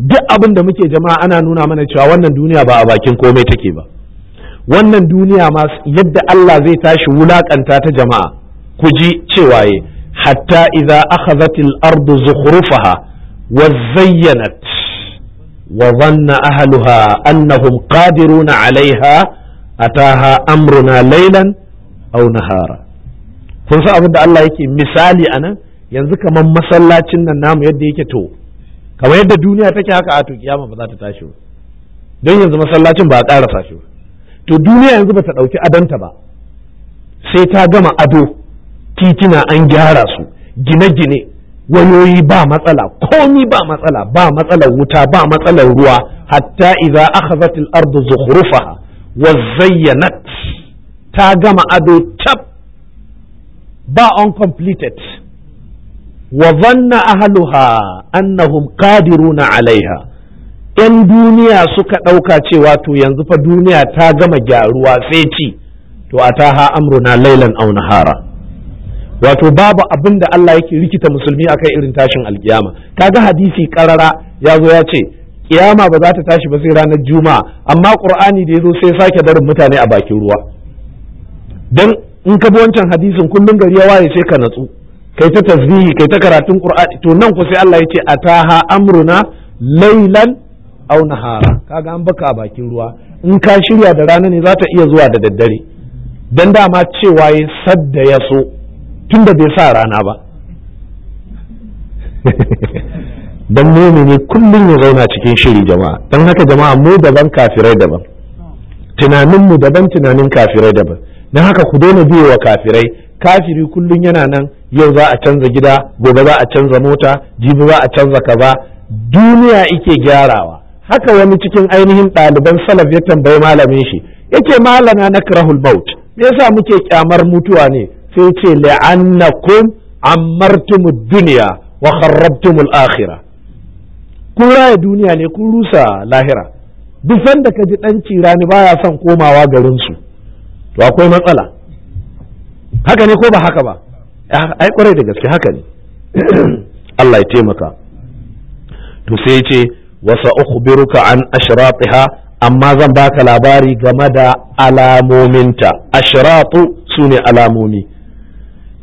Speaker 1: duk abin da muke jama'a ana nuna mana cewa wannan duniya ba a bakin komai take ba wannan duniya ma yadda Allah zai tashi wulakanta ta jama'a ku ji cewa ye hatta idza akhadhatil ardu zukhrufaha وزينت وظن أهلها أنهم قادرون عليها أتاها أمرنا ليلا أو نهارا kun san abin da Allah yake misali a nan yanzu kamar masallacin nan namu yadda yake to kamar yadda duniya take haka a to kiyama ba za ta tashi don yanzu masallacin ba a ƙarasa shi to duniya yanzu ba ta ɗauki adonta ba sai ta gama ado titina an gyara su gine-gine wayoyi ba matsala komi ba matsala ba matsalar wuta ba matsalar ruwa hatta idza akhadhat al-ardu zukhrufaha wa zayyanat ta gama ado tab ba uncompleted wa dhanna ahluha annahum qadiruna alaiha yan duniya suka ɗauka cewa to yanzu fa duniya ta gama gyaruwa sai ci to ataha amruna lailan aw nahara wato babu abin da Allah yake rikita musulmi akai irin tashin alkiyama kaga hadisi karara ya zo ya ce kiyama ba za ta tashi ba sai ranar juma'a amma qur'ani da ya zo sai sake barin mutane a bakin ruwa dan in ka bi wancan hadisin kullum gari ya waye sai ka natsu kai ta tasbihi kai ta karatun qur'ani to nan ku sai Allah ya ce ataha amruna laylan aw nahara kaga an baka a bakin ruwa in ka shirya da rana ne za ta iya zuwa da daddare dan dama cewa ya sadda ya so tun da bai sa rana ba dan ne kullum ya zauna cikin shiri jama'a dan haka jama'a mu daban kafirai daban tunaninmu daban tunanin kafirai daban dan haka ku daina biyo wa kafirai kafiri kullum yana nan yau za a canza gida gobe za a canza mota jibi za a canza kaza duniya ike gyarawa haka wani cikin ainihin ɗaliban salaf ya tambayi malamin shi yake malama na krahul baut. me yasa muke kyamar mutuwa ne sai ce la'annakum ammartumud dunya wa al akhirah kun raya duniya ne kun rusa lahira duk sanda ka ji dan ne baya son komawa garin su to akwai matsala haka ne ko ba haka ba ai kwarai da gaske haka ne Allah ya taimaka to sai ce wasa ukhbiruka an ashratiha amma zan baka labari game da alamominta ashratu sune alamomi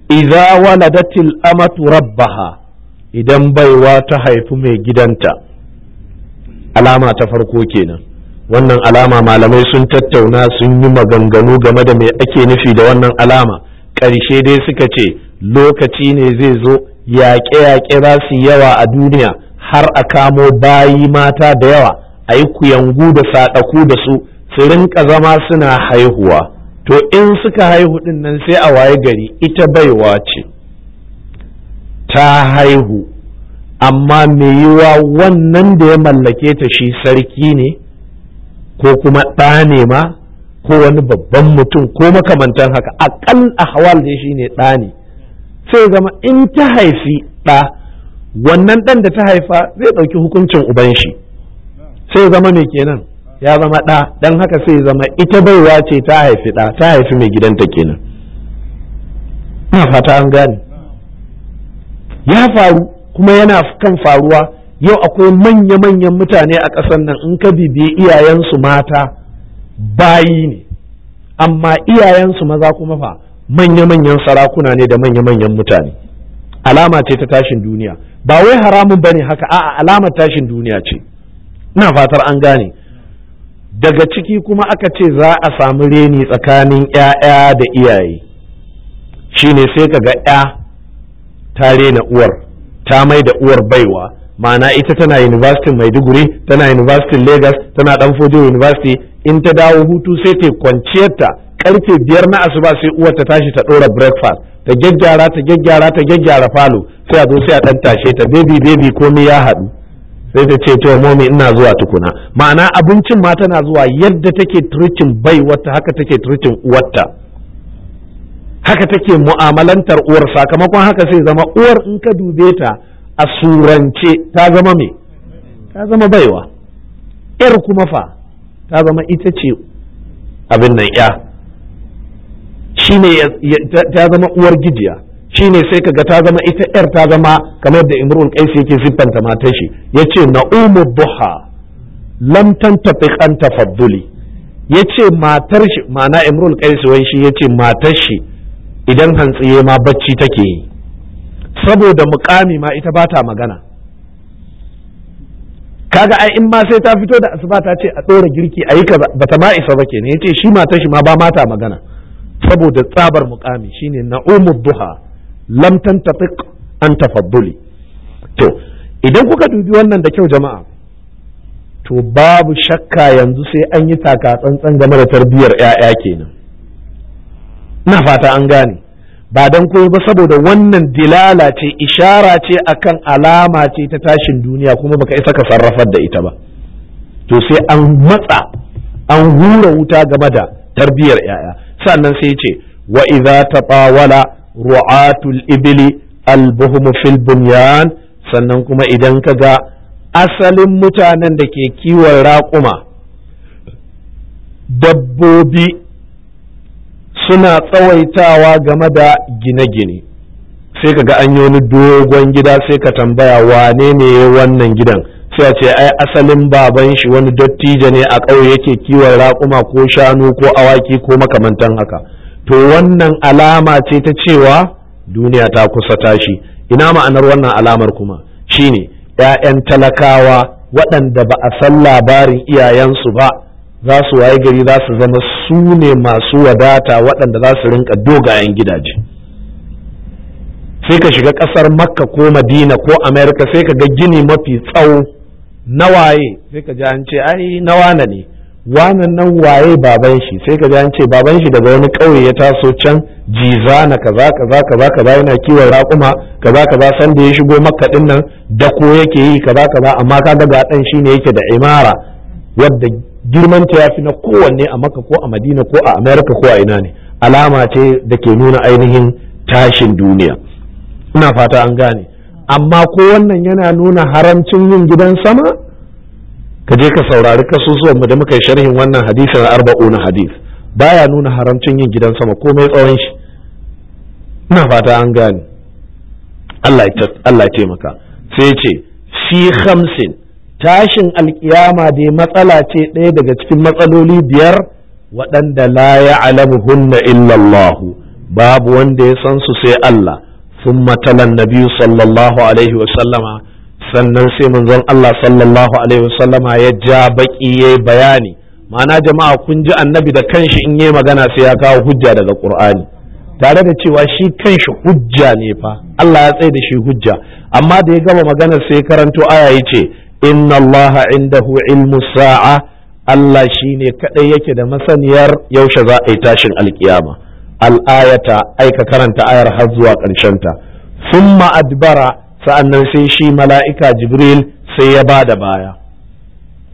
Speaker 1: idza waladatil amatu rabbaha idan baiwa ta haifi mai gidanta alama ta farko kenan wannan alama malamai sun tattauna sun yi maganganu game da mai ake nufi da wannan alama ƙarshe dai suka ce lokaci ne zai zo yaƙe-yaƙe za su yawa a duniya har a kamo bayi mata da yawa a yi kuyangu da saɗaku da su su rinka zama suna haihuwa to in suka haihu din nan sai a waye gari ita baiwa ce ta haihu amma mai yiwa wannan da ya mallake ta shi sarki ne ko kuma ɗa ne ma ko wani babban mutum ko makamantan haka akan a hawal ne shi ne ɗa ne sai zama in ta haifi ɗa wannan ɗan da ta haifa zai ɗauki hukuncin uban shi sai zama mai kenan ya zama ɗa don haka sai zama ita baiwa ce ta haifi ɗa ta haifi mai gidanta kenan ina fata an gane ya faru kuma yana kan faruwa yau akwai manya-manyan mutane a ƙasar nan in ka bibiyi iyayensu mata bayi ne amma iyayensu maza kuma fa manya-manyan sarakuna ne da manya-manyan mutane alama ce ta tashin duniya ba wai haramun ba ne haka a'a alamar tashin duniya ce ina fatar an gane daga ciki kuma aka ce za a samu reni tsakanin 'ya'ya da iyaye shine sai ka ga 'ya ta rena uwar ta mai da uwar baiwa ma'ana ita tana university maiduguri tana university lagos tana danfojo university in ta dawo hutu sai ta kwanciyarta karfe biyar na asuba sai uwar ta tashi ta ɗora breakfast ta gyaggyara ta gyaggyara ta gyaggyara falo sai a zo sai a ɗan tashe ta baby baby komai ya haɗu sai ta ce to momi ina zuwa tukuna ma'ana abincin ma tana zuwa yadda take turcin bai wata haka take turcin uwarta haka take mu'amalantar uwar sakamakon haka sai zama uwar in ka dube ta a surance ta zama me ta zama baiwa yar kuma fa ta zama ita ce abin nan ya shine ta zama uwar gijiya Shi ne sai kaga ta zama ita yar ta zama kamar da imrul qais yake siffanta matar shi yace na'umu duha lam tantafiq an tafadduli yace matar shi ma'ana imrul qais wai shi yace matar shi idan hantsiye ma bacci take yi saboda muqami ma ita ba ta magana kaga ai in ma sai ta fito da asuba ta ce a ɗora girki a yi kaza bata ma isa ba kenan yace shi matar shi ma ba mata magana saboda tsabar mukami shine na'umu Buha. lam tantafiq an tafadduli to idan kuka dubi wannan da kyau jama'a to babu shakka yanzu sai an yi taka tsantsan game da tarbiyyar 'ya'ya kenan na fata an gane ba dan koyo ba saboda wannan dilala ce ishara ce akan alama ce ta tashin duniya kuma baka isa ka sarrafar da ita ba to sai an matsa an hura wuta game da tarbiyyar 'ya'ya sannan sai ce wa idza tatawala ru'atul ibili albuhum fil bunyan sannan kuma idan ka ga asalin mutanen da ke kiwon raƙuma dabbobi suna tsawaitawa game da gine-gine sai ka ga an yi wani dogon gida sai ka tambaya wane ne wannan gidan sai a ce ai asalin baban shi wani dattijo ne a ƙauye yake kiwon raƙuma ko shanu ko awaki ko makamantan haka to wannan alama ce ta cewa duniya ta kusa tashi ina ma'anar wannan alamar kuma shine ‘ya'yan talakawa waɗanda ba a san labarin iyayensu ba za su waye gari za su zama su ne masu wadata waɗanda za su rinka dogayen gidaje sai ka shiga ƙasar makka ko madina ko amerika sai ka ga gini mafi tsawo nawaye sai ka ji an ce ai nawa ne wanan nan waye baban shi sai ka an ce baban shi daga wani ƙauye ya taso can jizana kaza kaza kaza kaza yana kiwon raƙuma kaza kaza san da ya shigo makka din nan ko yake yi kaza kaza amma ka ga dan shine yake da imara wadda girman ta yafi na kowanne a makka ko a madina ko a america ko a ina ne alama ce da ke nuna ainihin tashin duniya ina fata an gane amma ko wannan yana nuna haramcin yin gidan sama ka je ka saurari kasusuwan mu da muka yi sharhin wannan hadisin na hadis baya nuna haramcin yin gidan sama komai tsawon shi ina fata an gane Allah ya taimaka sai ce fi hamsin tashin alkiyama dai matsala ce ɗaya daga cikin matsaloli biyar waɗanda la ya alamuhunna illallahu babu wanda ya san su sai Allah sun matalan nabiyu sallallahu alaihi wasallama sannan sai manzon Allah sallallahu alaihi wasallama ya ja baki yayi bayani ma'ana jama'a kun ji annabi da kanshi in yi magana sai ya kawo hujja daga Qur'ani tare da cewa shi kanshi hujja ne fa Allah ya tsaye da shi hujja amma da ya gama magana sai karanto aya yace inna Allah indahu ilmu sa'a Allah shi ne kadai yake da masaniyar yaushe za a yi tashin alkiyama al'ayata aika karanta ayar har zuwa ƙarshen ta summa adbara sa'annan sai shi mala'ika jibril sai ya ba da baya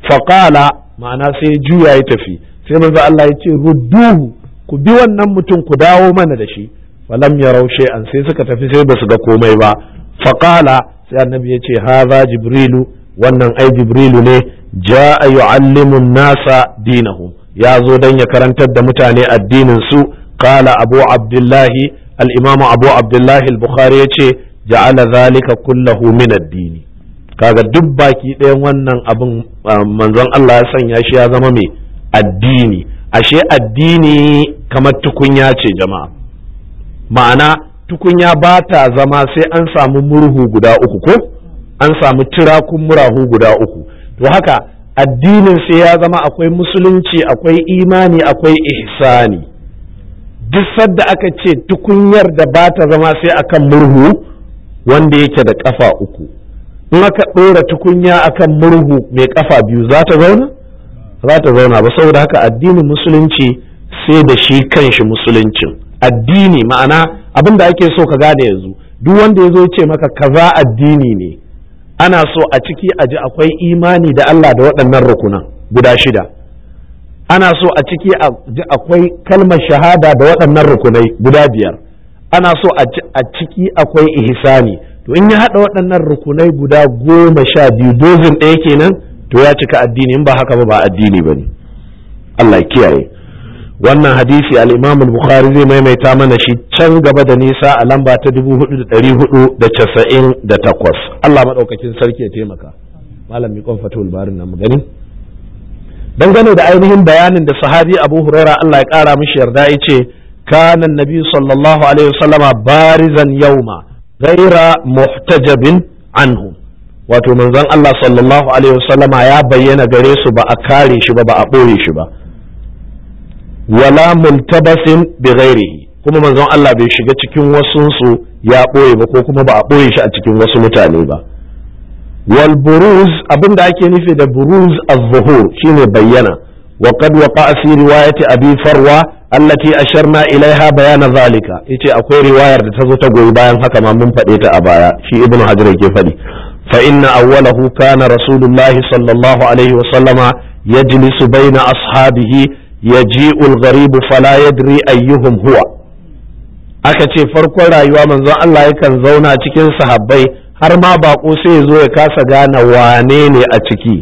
Speaker 1: faƙala ma'ana sai juya ya tafi sai manzo Allah ya ce rudduhu ku bi wannan mutum ku dawo mana da shi falam ya raushe an sai suka tafi sai basu ga komai ba faƙala sai annabi ya ce haza jibrilu wannan ai jibrilu ne ja'a yu'allimun nasa dinahu ya zo don ya karantar da mutane addinin su kala abu abdullahi al abu abdullahi al-bukhari yace ja'ala zalika kullahu min addini kaga duk baki ɗayan wannan abin ah, manzon Allah ya sanya shi ya zama mai addini ashe addini kamar tukunya ce jama'a ma'ana tukunya ba ta zama sai an samu murhu guda uku ko an samu tirakun murahu guda uku to haka addinin sai ya zama akwai musulunci akwai imani akwai ihsani duk sadda aka ce tukunyar da ba ta zama sai akan murhu wanda yake da ƙafa uku in aka ɗora tukunya akan murhu mai ƙafa biyu za ta zauna za ta zauna ba saboda haka addinin musulunci sai da shi kanshi musuluncin addini ma'ana abin da ake so ka gane yanzu duk wanda ya zo ce maka kaza addini ne ana so a ciki a ji akwai imani da Allah da waɗannan rukunan guda shida ana so a ciki a ji akwai kalmar shahada da waɗannan rukunai guda biyar ana so a ciki akwai ihsani to in ya haɗa waɗannan rukunai guda goma sha biyu dozin ɗaya kenan to ya cika addini in ba haka ba ba addini ba ne Allah kiyaye wannan hadisi al-Imam al-Bukhari zai maimaita mana shi can gaba da nisa a lamba ta 4498 Allah madaukakin sarki ya taimaka malam mi kon fatul barin nan magani dangane da ainihin bayanin da sahabi Abu Huraira Allah ya kara mishi yarda yace كان النبي صلى الله عليه وسلم بارزا يوما غير محتجب عنه wato manzon Allah sallallahu alaihi wasallama ya bayyana gare su ba a kare shi ba ba a ɓoye shi ba wala multabasin bi ghairihi kuma manzon Allah bai shiga cikin wasu su ya ɓoye ba ko kuma ba a ɓoye shi a cikin wasu mutane ba wal buruz abinda ake nufi da buruz az-zuhur shine bayyana وقد وقع في رواية أبي فروة التي أشرنا إليها بيان ذلك يتي أكوي رواية تزو تقوي بيان حكما من فديت أبايا شي ابن حجر كفدي فإن أوله كان رسول الله صلى الله عليه وسلم يجلس بين أصحابه يجيء الغريب فلا يدري أيهم هو akace farkon rayuwa manzon Allah yakan zauna cikin sahabbai har ma baƙo sai ya zo ya kasa gane wane ne a ciki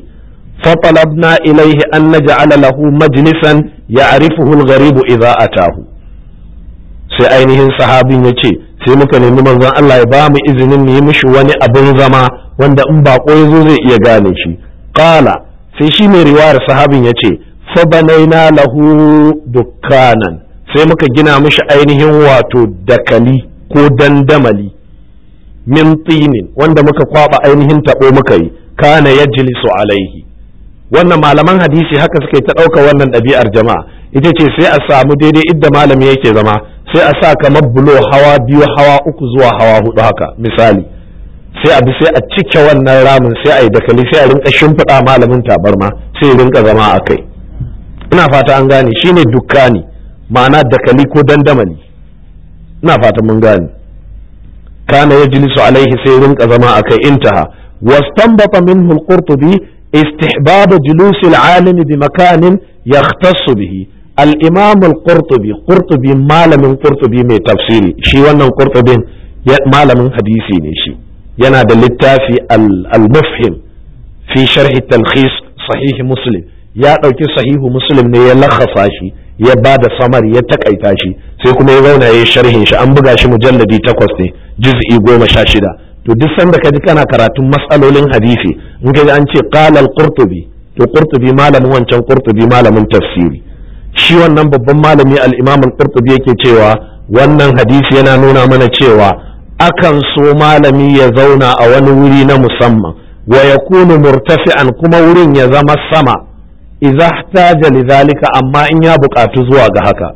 Speaker 1: na فطلبنا إليه أن majlisan له مجلسا يعرفه الغريب إذا tahu sai ainihin sahabin ya ce sai muka nemi manzon Allah ya ba mu izinin mu yi mishi wani abin zama wanda in bako ya zo zai iya gane shi Ƙala, sai shi mai riwayar sahabin ya ce fa banaina lahu dukkanan sai muka gina mishi ainihin wato dakali ko dandamali min tinin wanda muka kwaɓa ainihin tabo muka yi kana yajlisu alaihi wannan malaman hadisi haka suke ta ɗauka wannan ɗabi'ar jama'a ita ce sai a samu daidai idda malami yake zama sai a sa kamar bulo hawa biyu hawa uku zuwa hawa hudu haka misali sai a bi sai a cike wannan ramin sai a yi dakali sai a rinka shimfiɗa malamin tabarma sai ya rinka zama a kai ina fata an gane shine dukkani ma'ana dakali ko dandamali ina fata mun gane kana yajlisu alaihi sai rinka zama a kai intaha واستنبط minhu alqurtubi استحباب جلوس العالم بمكان يختص به الإمام القرطبي قرطبي ما لم قرطبي من تفسيري شي وانا قرطبي ما لم حديثي نشي da littafi المفهم في شرح التلخيص صحيح مسلم يا ɗauki sahihu muslim ne ya lakasa shi ya ba da samar ya taƙaita shi sai kuma ya zauna ya sharhin shi an buga shi mujalladi takwas ne juz'i goma sha shida to duk sanda ka ji kana karatun matsalolin hadisi in ga an ce qala al-qurtubi to qurtubi malamin wancan qurtubi malamin tafsiri shi wannan babban malami al-imam al-qurtubi yake cewa wannan hadisi yana nuna mana cewa akan so malami ya zauna a wani wuri na musamman wa yakunu murtafi'an kuma wurin ya zama sama idza ihtaja lidhalika amma in ya buƙatu zuwa ga haka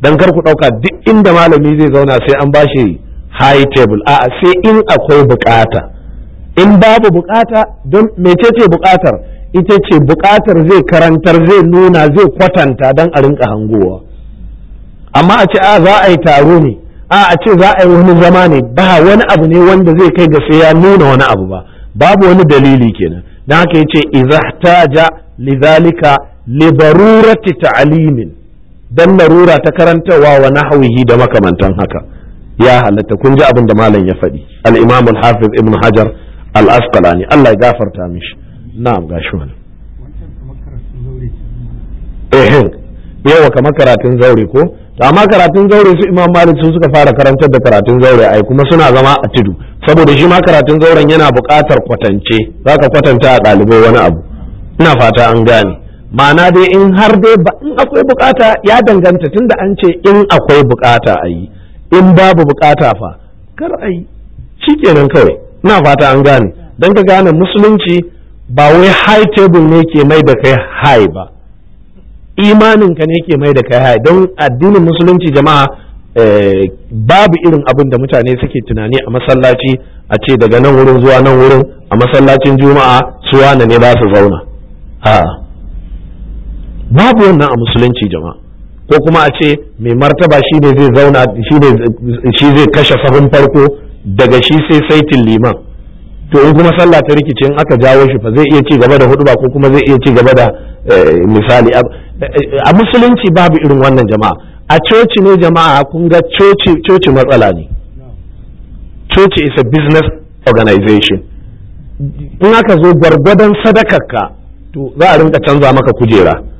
Speaker 1: dan kar ku ɗauka duk inda malami zai zauna sai an bashi high table a'a sai in akwai bukata in babu bukata don ce bukatar ita ce bukatar zai karantar zai nuna zai kwatanta don a rinka hangowa amma a ce a za a yi taro ne a a ce za a yi wani zama ne ba wani abu ne wanda zai kai ga sai ya nuna wani abu ba babu wani dalili kenan don haka ya ce izahtaja lidhalika libarurati ta'alimin don larura ta karantarwa wa nahawihi da makamantan haka ya halatta kun ji abin da malam ya faɗi al-imam al-hafiz ibn hajar al-asqalani Allah ya gafarta mishi na'am gashi wannan eh yawa kamar karatun zaure ko amma karatun zaure su imam malik su suka fara karantar da karatun zaure ai kuma suna zama a tudu saboda shi ma karatun zauren yana buƙatar kwatance zaka kwatanta a ɗalibai wani abu ina fata an gane ma'ana dai in har dai ba in akwai bukata ya danganta tunda an ce in akwai bukata ayi. in babu bukata fa kar a yi kenan kawai na fata an gane don ka gane musulunci ba wai high table ne ke mai da kai high ba imanin ka ne ke mai da kai high don addinin musulunci jama'a eh, babu irin abin da mutane suke tunani a masallaci a ce daga nan wurin zuwa nan wurin a masallacin juma'a suwana ne ba su zauna babu wannan a musulunci jama'a ko kuma a ce mai martaba shi ne zai zauna shi zai kashe sahun farko daga shi sai saitin liman to in kuma sallah ta rikice in aka jawo shi fa zai iya ci gaba da huduba ko kuma zai iya ci gaba da eh, misali a musulunci babu irin wannan jama'a a coci ne jama'a kun ga coci coci matsala ne coci is a business organization in aka zo gwargwadon sadakarka to za a rinka canza maka kujera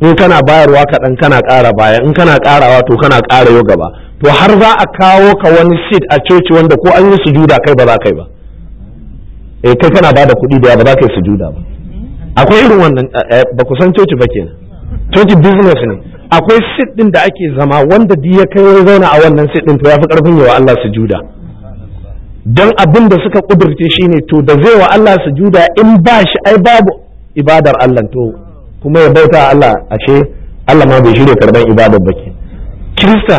Speaker 1: in kana bayarwa kaɗan kana ƙara baya in kana ƙarawa to kana ƙara yau gaba to har za a kawo ka wani sit a coci wanda ko an yi sujuda kai ba za kai ba eh kai kana bada kuɗi da ba za ka yi sujuda ba akwai irin wannan eh, ba ku san coci ba nan, coci business ne akwai sit din da ake zama wanda duk ya kai wani zauna a wannan sit din to ya fi ƙarfin yawa Allah sujuda dan abin da suka kudurce shine to da zai wa Allah sujuda in ba shi ai babu ibadar Allah to kuma ya bauta Allah ashe Allah ma bai shirya karban ibadar ba ke kirista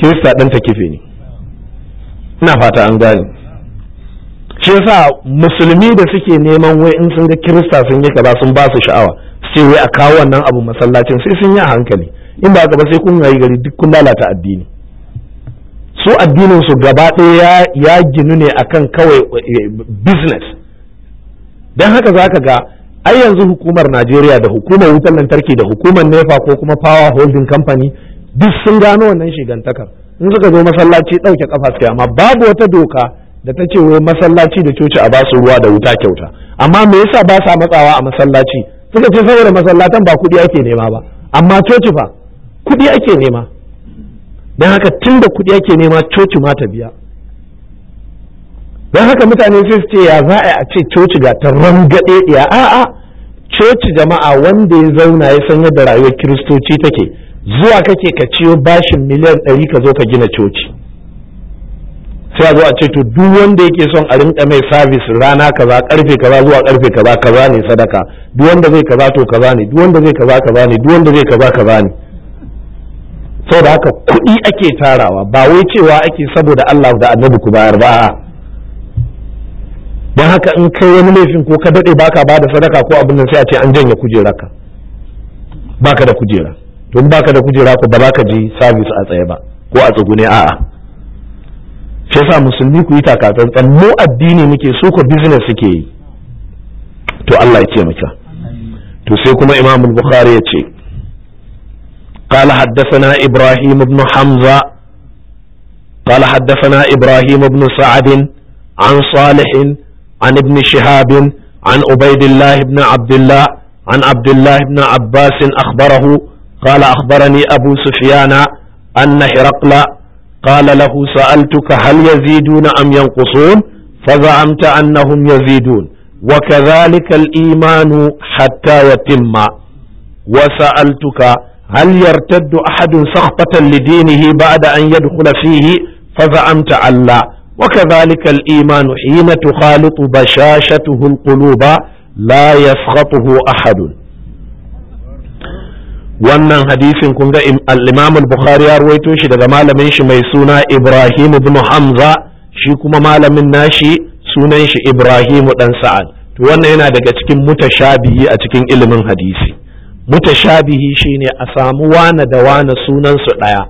Speaker 1: kirista dan ta kife ne ina fata an gane shi yasa musulmi da suke neman wai in sun ga kirista sun yi kaza sun ba su sha'awa sai wai a kawo wannan abu masallacin sai sun yi a hankali in ba ba sai kun yayi gari duk kun lalata addini su addinin su gaba ɗaya ya ginu ne akan kawai eh, business dan haka zaka ga ai yanzu hukumar Najeriya da hukumar wutar lantarki da hukumar NEPA ko kuma Power Holding Company duk sun gano wannan shigantakar in suka zo masallaci ɗauke kafa suke amma babu wata doka da ta ce wai masallaci da coci a basu ruwa da wuta kyauta amma me yasa ba sa matsawa a masallaci suka ce saboda masallatan ba kuɗi ake nema ba amma coci fa kuɗi ake nema don haka tun da kuɗi ake nema coci ma ta biya don haka mutane sai su ce ya za a ce coci ga ta rangaɗe a a'a coci jama'a wanda ya zauna ya san yadda rayuwar kiristoci take zuwa kake ka ciyo bashin miliyan ɗari ka zo ka gina coci sai a zo a ce to duk wanda yake son a rinka mai sabis rana kaza karfe kaza zuwa karfe kaza kaza ne sadaka duk wanda zai kaza to kaza ne duk wanda zai kaza kaza ne duk wanda zai kaza kaza ne saboda haka kuɗi ake tarawa ba wai cewa ake saboda Allah da Annabi ku bayar ba don haka in kai wani laifin ko ka daɗe baka ba da sadaka ko abin nan sai a ce an janye Ba baka da kujera don ba baka da kujera ko ba za ka je sabis a tsaye ba ko a tsugune a'a shi yasa musulmi ku yi tsan mu addini muke su ka business suke yi to Allah ya maka to sai kuma Imam Bukhari ya ce قال Ibrahim إبراهيم بن حمزة قال حدثنا إبراهيم بن سعد عن صالح عن ابن شهاب عن عبيد الله بن عبد الله عن عبد الله بن عباس أخبره قال أخبرني أبو سفيان أن هرقل قال له سألتك هل يزيدون أم ينقصون فزعمت أنهم يزيدون وكذلك الإيمان حتى يتم وسألتك هل يرتد أحد سخطة لدينه بعد أن يدخل فيه فزعمت أن لا وكذلك الإيمان حين تخالط بشاشته القلوب لا يسخطه أحد wannan hadisin kun ga al-Imam al-Bukhari ya ruwaito shi daga malamin shi mai suna Ibrahim ibn Hamza shi kuma malamin nashi sunan shi Ibrahim dan Sa'ad to wannan yana daga cikin mutashabihi a cikin ilimin hadisi mutashabihi shine a samu wana da wana sunan su ɗaya,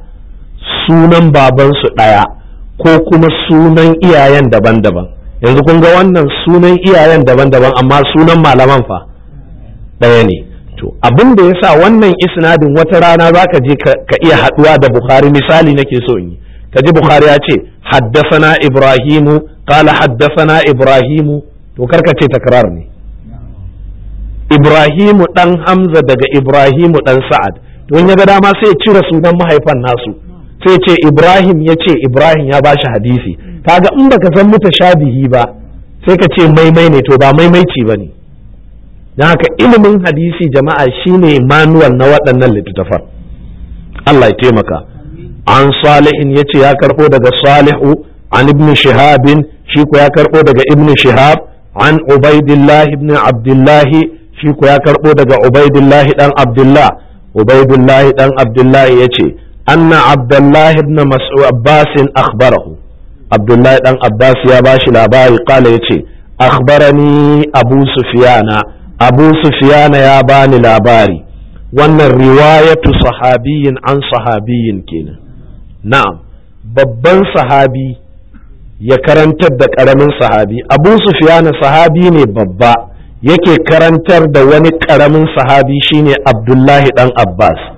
Speaker 1: sunan babansu ɗaya. ko kuma sunan iyayen daban-daban yanzu kun ga wannan sunan iyayen daban-daban amma sunan malaman fa ɗaya ne to abin da yasa wannan isnadin wata rana za ka je ka iya haɗuwa da bukhari misali nake so in yi ka ji bukhari ya ce haddasana ibrahimu qala haddasana ibrahimu to karka ce takrar ne ibrahimu dan hamza daga ibrahimu dan sa'ad to in ya ga dama sai ya cire sunan mahaifan nasu sai ce ibrahim ya ce ibrahim ya bashi hadisi Ta ga in baka san shabihi ba sai ka ce maimai ne to ba maimaici ba ne don haka ilimin hadisi jama'a shine manuwal na waɗannan littattafan Allah ya taimaka an salihin ya ce ya karɓo daga salihu an ibn shihabin shi ku ya karɓo daga ibn shihab an ubaidillah ibn abdullahi shi ku ya karɓo daga ubaidillah dan abdullah ubaidillahi dan abdullahi ya ce anna abdullahi ibn mas'ud abbas abdullahi dan abbas ya bashi labari kala yace akhbarani abu sufyana abu sufyana ya bani labari wannan riwayatu sahabiyin an sahabiyin kenan na'am babban sahabi ya karantar da ƙaramin sahabi abu sufyana sahabi ne babba yake karantar da wani ƙaramin sahabi shine abdullahi dan abbas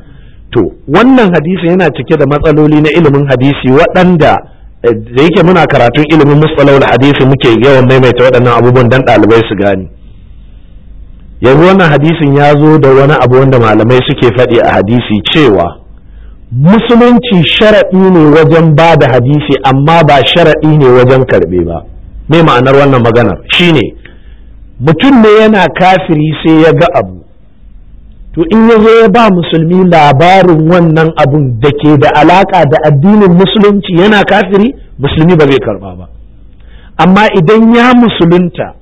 Speaker 1: to wannan hadisi yana cike da matsaloli na ilimin hadisi waɗanda eh, da yake muna karatun ilimin mustalahul hadisi muke yawan maimaita waɗannan abubuwan dan ɗalibai su gani yanzu wannan hadisin ya zo da wani abu wanda malamai suke faɗi a hadisi cewa musulunci sharaɗi ne wajen ba da hadisi amma ba sharaɗi ne wajen karɓe ba Mai ma'anar wannan maganar shine mutum ne yana kafiri sai ya ga abu to in ya zo ya ba musulmi labarin wannan abun da ke da alaka da addinin musulunci yana kafiri musulmi ba zai karba ba amma idan ya musulunta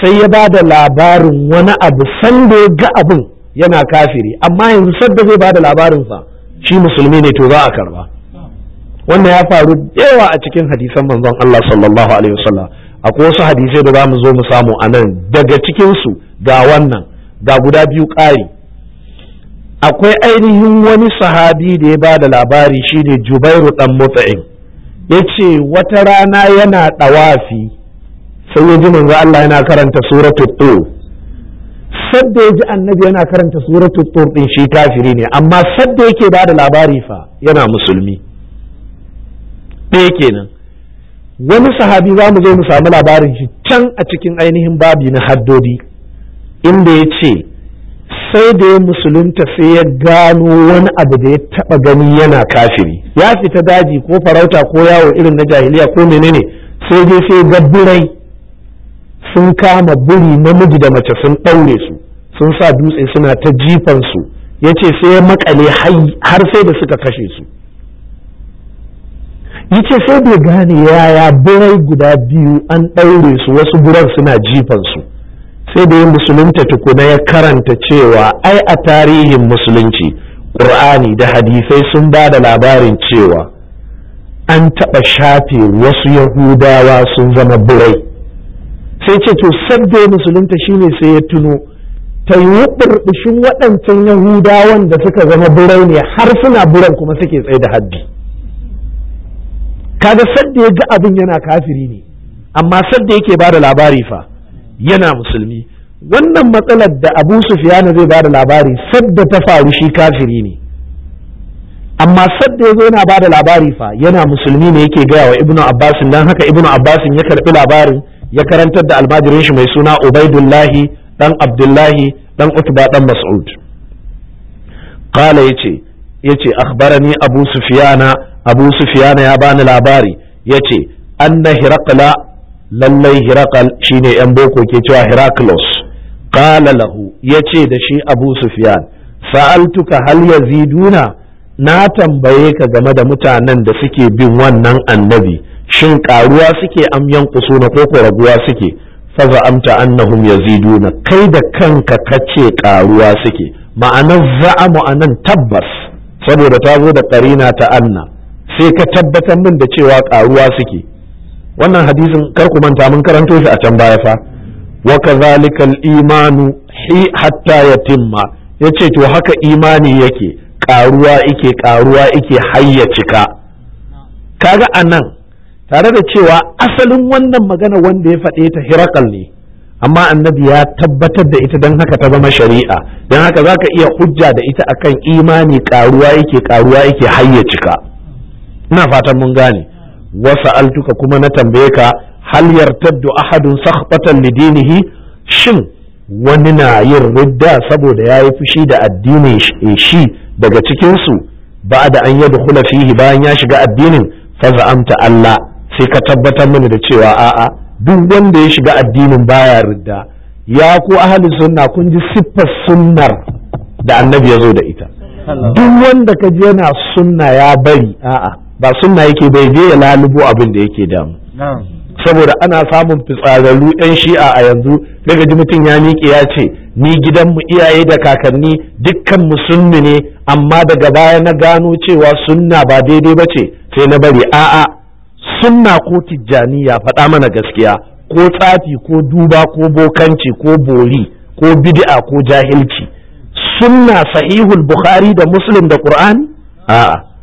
Speaker 1: sai ya ba da labarin wani abu da ya ga abun yana kafiri amma yanzu sadda zai ba da labarinsa shi musulmi ne to za a karba wannan ya faru yawa a cikin hadisan manzon Allah sallallahu alaihi wasallam akwai wasu hadisai da za mu zo mu samu anan daga cikin su ga wannan ga guda biyu ƙari akwai ainihin wani sahabi da ya ba da labari shine jubairu ɗan mutsa'in ya ce wata rana yana ɗawafi sai ya ji manzo Allah yana karanta suratul tur sadda ya ji annabi yana karanta suratul tur din shi kafiri ne amma sadda yake ba da labari fa yana musulmi ɗaya kenan wani sahabi za mu zo mu samu labarin shi can a cikin ainihin babi na haddodi inda ya ce sai da ya musulunta sai ya gano wani abu da ya taba gani yana kafiri ya fita daji ko farauta ko yawo irin na jahiliya ko menene sai dai sai ga sun kama buri namiji da mace sun ɗaure su sun sa dutse suna ta jifan su ya ce sai ya makale har sai da suka kashe su ya ce sai bai gane yaya birai guda biyu an ɗaure su wasu birar suna jifan su sai da ya musulunta tukuna ya karanta cewa ai a tarihin musulunci ƙur'ani da hadisai sun ba da labarin cewa an taɓa shafe wasu yahudawa sun zama burai sai ce to sadda ya musulunta shine sai ya tuno ta yi ɓurɓushin waɗancan yahudawan da suka zama burai ne har suna buran kuma suke tsaye da haddi kaga sadda ya ga abin yana kafiri ne amma sadda yake ba da labari fa yana musulmi wannan matsalar da abu sufiyana zai ba da labari sadda ta faru shi kafiri ne amma sadda yazo yana ba da labari fa yana musulmi ne yake gaya wa ibnu abbasin dan haka ibnu abbasin ya karbi labarin ya karantar da almajirin shi mai suna ubaidullahi dan abdullahi dan utba dan mas'ud qala yace yace akhbarani abu sufiyana abu sufiyana ya bani labari yace anna hiraqla lallai hirakal shine yan boko ke cewa heraklus qala lahu yace da shi abu sufyan sa'altuka hal yaziduna na tambaye ka game da mutanen da suke bin wannan annabi shin karuwa suke amyan ƙusuna ko koko raguwa suke faza amta annahum yaziduna kai da kanka kace karuwa suke ma'anar za'amu anan tabbas saboda ta zo da karina ta anna sai ka tabbatar min da cewa karuwa suke wannan hadisin kar ku manta mun karanto shi a can baya fa wa kadhalika imanu hi hatta yatimma yace to haka imani yake karuwa yake karuwa yake hayya cika kaga anan tare da cewa asalin wannan magana wanda ya faɗe ta hirakal ne amma annabi ya tabbatar da ita don haka ta zama shari'a don haka za ka iya hujja da ita akan imani karuwa yake karuwa yake hayya cika ina fatan mun gane Wasu altuka kuma na tambaye ka hal yartaddu ahadun sakhbatan lidinihi shin wani na yin ridda saboda yayi fushi da addinin shi daga cikin su ba da an yadkhula fihi bayan ya shiga addinin fa za'amta Allah sai ka tabbatar mana da cewa a'a duk wanda ya shiga addinin baya ridda ya ko ahli sunna kun ji siffar sunnar da annabi ya zo da ita duk wanda ka je yana sunna ya bari a'a ba sunna yake bai je ya lalubo abin da yake damu saboda ana samun fitsararru yan shi'a a yanzu daga ji mutum ya miƙe ya ce ni gidanmu iyaye da kakanni dukkan mu sunni ne amma daga baya na gano cewa sunna ba daidai ba ce sai na bari a'a sunna ko Tijjani ya faɗa mana gaskiya ko tsafi ko duba ko bokanci ko bori ko bid'a ko jahilci sunna sahihul bukhari da muslim da qur'ani a'a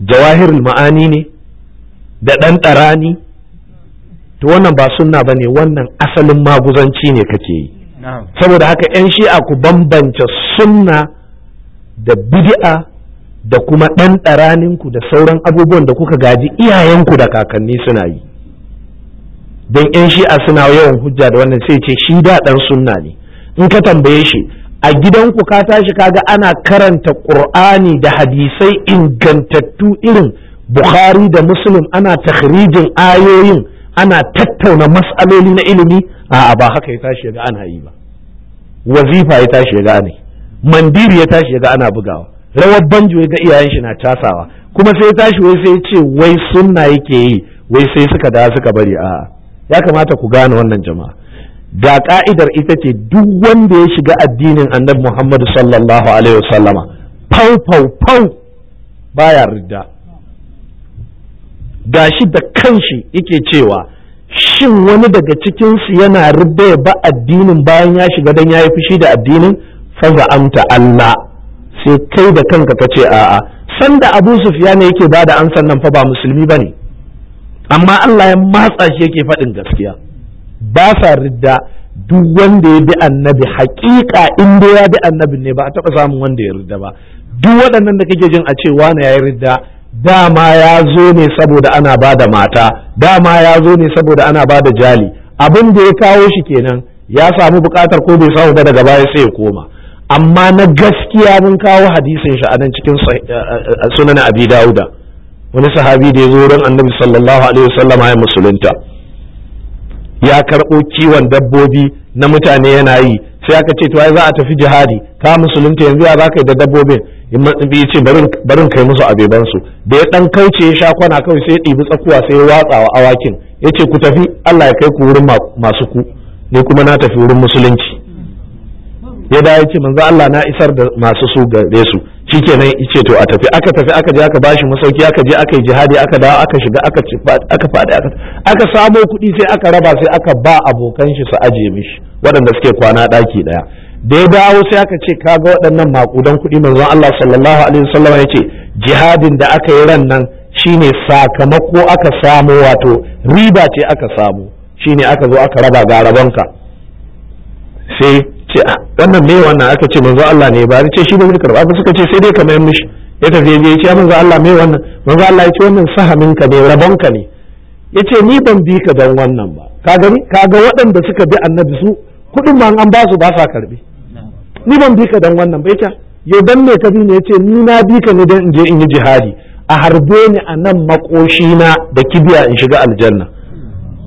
Speaker 1: Jawahirin ma'ani ne da ɗan ɗarani to wannan ba sunna ba ne wannan asalin maguzanci ne kake yi saboda haka 'yan shi'a ku bambance sunna da bid'a da kuma ɗan ɗaraninku da sauran abubuwan da kuka gaji iyayenku da kakanni suna yi don 'yan shi'a suna yawan hujja da wannan sai ce shi da ɗan sunna ne in ka tambaye shi a gidanku ka tashi kaga ana karanta ƙur'ani da hadisai ingantattu irin bukhari da muslim ana takhrijin ayoyin ana tattauna matsaloli na ilimi 'a ba haka ya tashi ga ana yi ba wazifa ya tashi ga ana mandiri ya tashi ga ana bugawa rawar banjo ya ga iyayen shi na casawa kuma sai ya tashi wai sai ce wai sunna yake yi wai sai suka da suka bari a? ya kamata ku gane wannan jama'a Da ka'idar ita ce duk wanda ya shiga addinin annab muhammadu sallallahu alaihi wasallama pau pau pau baya ridda shi da kanshi yake cewa shin wani daga cikinsu yana ridda ya ba addinin bayan ya shiga don ya yi fushi da addinin fa amta Allah sai kai da kanka ka ce a'a sanda Abu ne yake bada an nan fa ba musulmi ba ne. amma Allah ya matsa shi yake faɗin gaskiya ba sa ridda duk wanda ya bi annabi haƙiƙa in dai ya bi annabi ne ba a taba samun wanda ya ridda ba duk waɗannan da kake jin a ce wani ya yi ridda dama ya zo ne saboda ana ba da mata dama ya zo ne saboda ana ba da jali abin da ya kawo shi kenan ya samu bukatar ko bai samu ba daga baya sai ya koma amma na gaskiya mun kawo hadisin shi a nan cikin sunan abi dauda wani sahabi da ya zo wurin annabi sallallahu alaihi wasallam ya musulunta ya karɓo kiwon dabbobi na mutane yana yi sai aka ce to za a tafi jihadi ka musulunta yanzu ya zaka yi da dabbobin ya ce barin kai musu abeban su da ya ɗan kauce ya sha kwana kawai sai ya ɗibi tsakuwa sai ya watsa wa awakin ya ce ku tafi Allah ya kai ku wurin masu ku ne kuma na tafi wurin musulunci ya da ya ce manzo Allah na isar da masu su gare su shi nan ce to a tafi aka tafi aka je aka bashi masauki aka je aka yi jihadi aka dawo aka shiga aka aka aka samo kuɗi sai aka raba sai aka ba abokan shi su aje mishi waɗanda suke kwana ɗaki ɗaya da ya dawo sai aka ce kaga waɗannan maƙudan kuɗi manzon Allah sallallahu alaihi wasallam ya ce jihadin da aka yi ran nan shine sakamako aka samo wato riba ce aka samu shine aka zo aka raba ga rabanka sai ce ah, wannan me wannan aka ce manzo Allah ne ba ce shi ba zai karba ba suka ce sai dai ka mayar mishi ya tafi ya ce manzo Allah me wannan manzo Allah ya ce wannan sahamin ka ne rabon ka ne ya ce ni ban bi ka dan wannan ba ka gani ka ga waɗanda suka bi annabi su kuɗin ma an ba su ba sa karbi ni ban bi ka dan wannan ba ya ce yo dan me ka bi ne ya ce ni na bi ka ne dan in je in yi jihadi a harbe ni a nan makoshi na da kibiya in shiga aljanna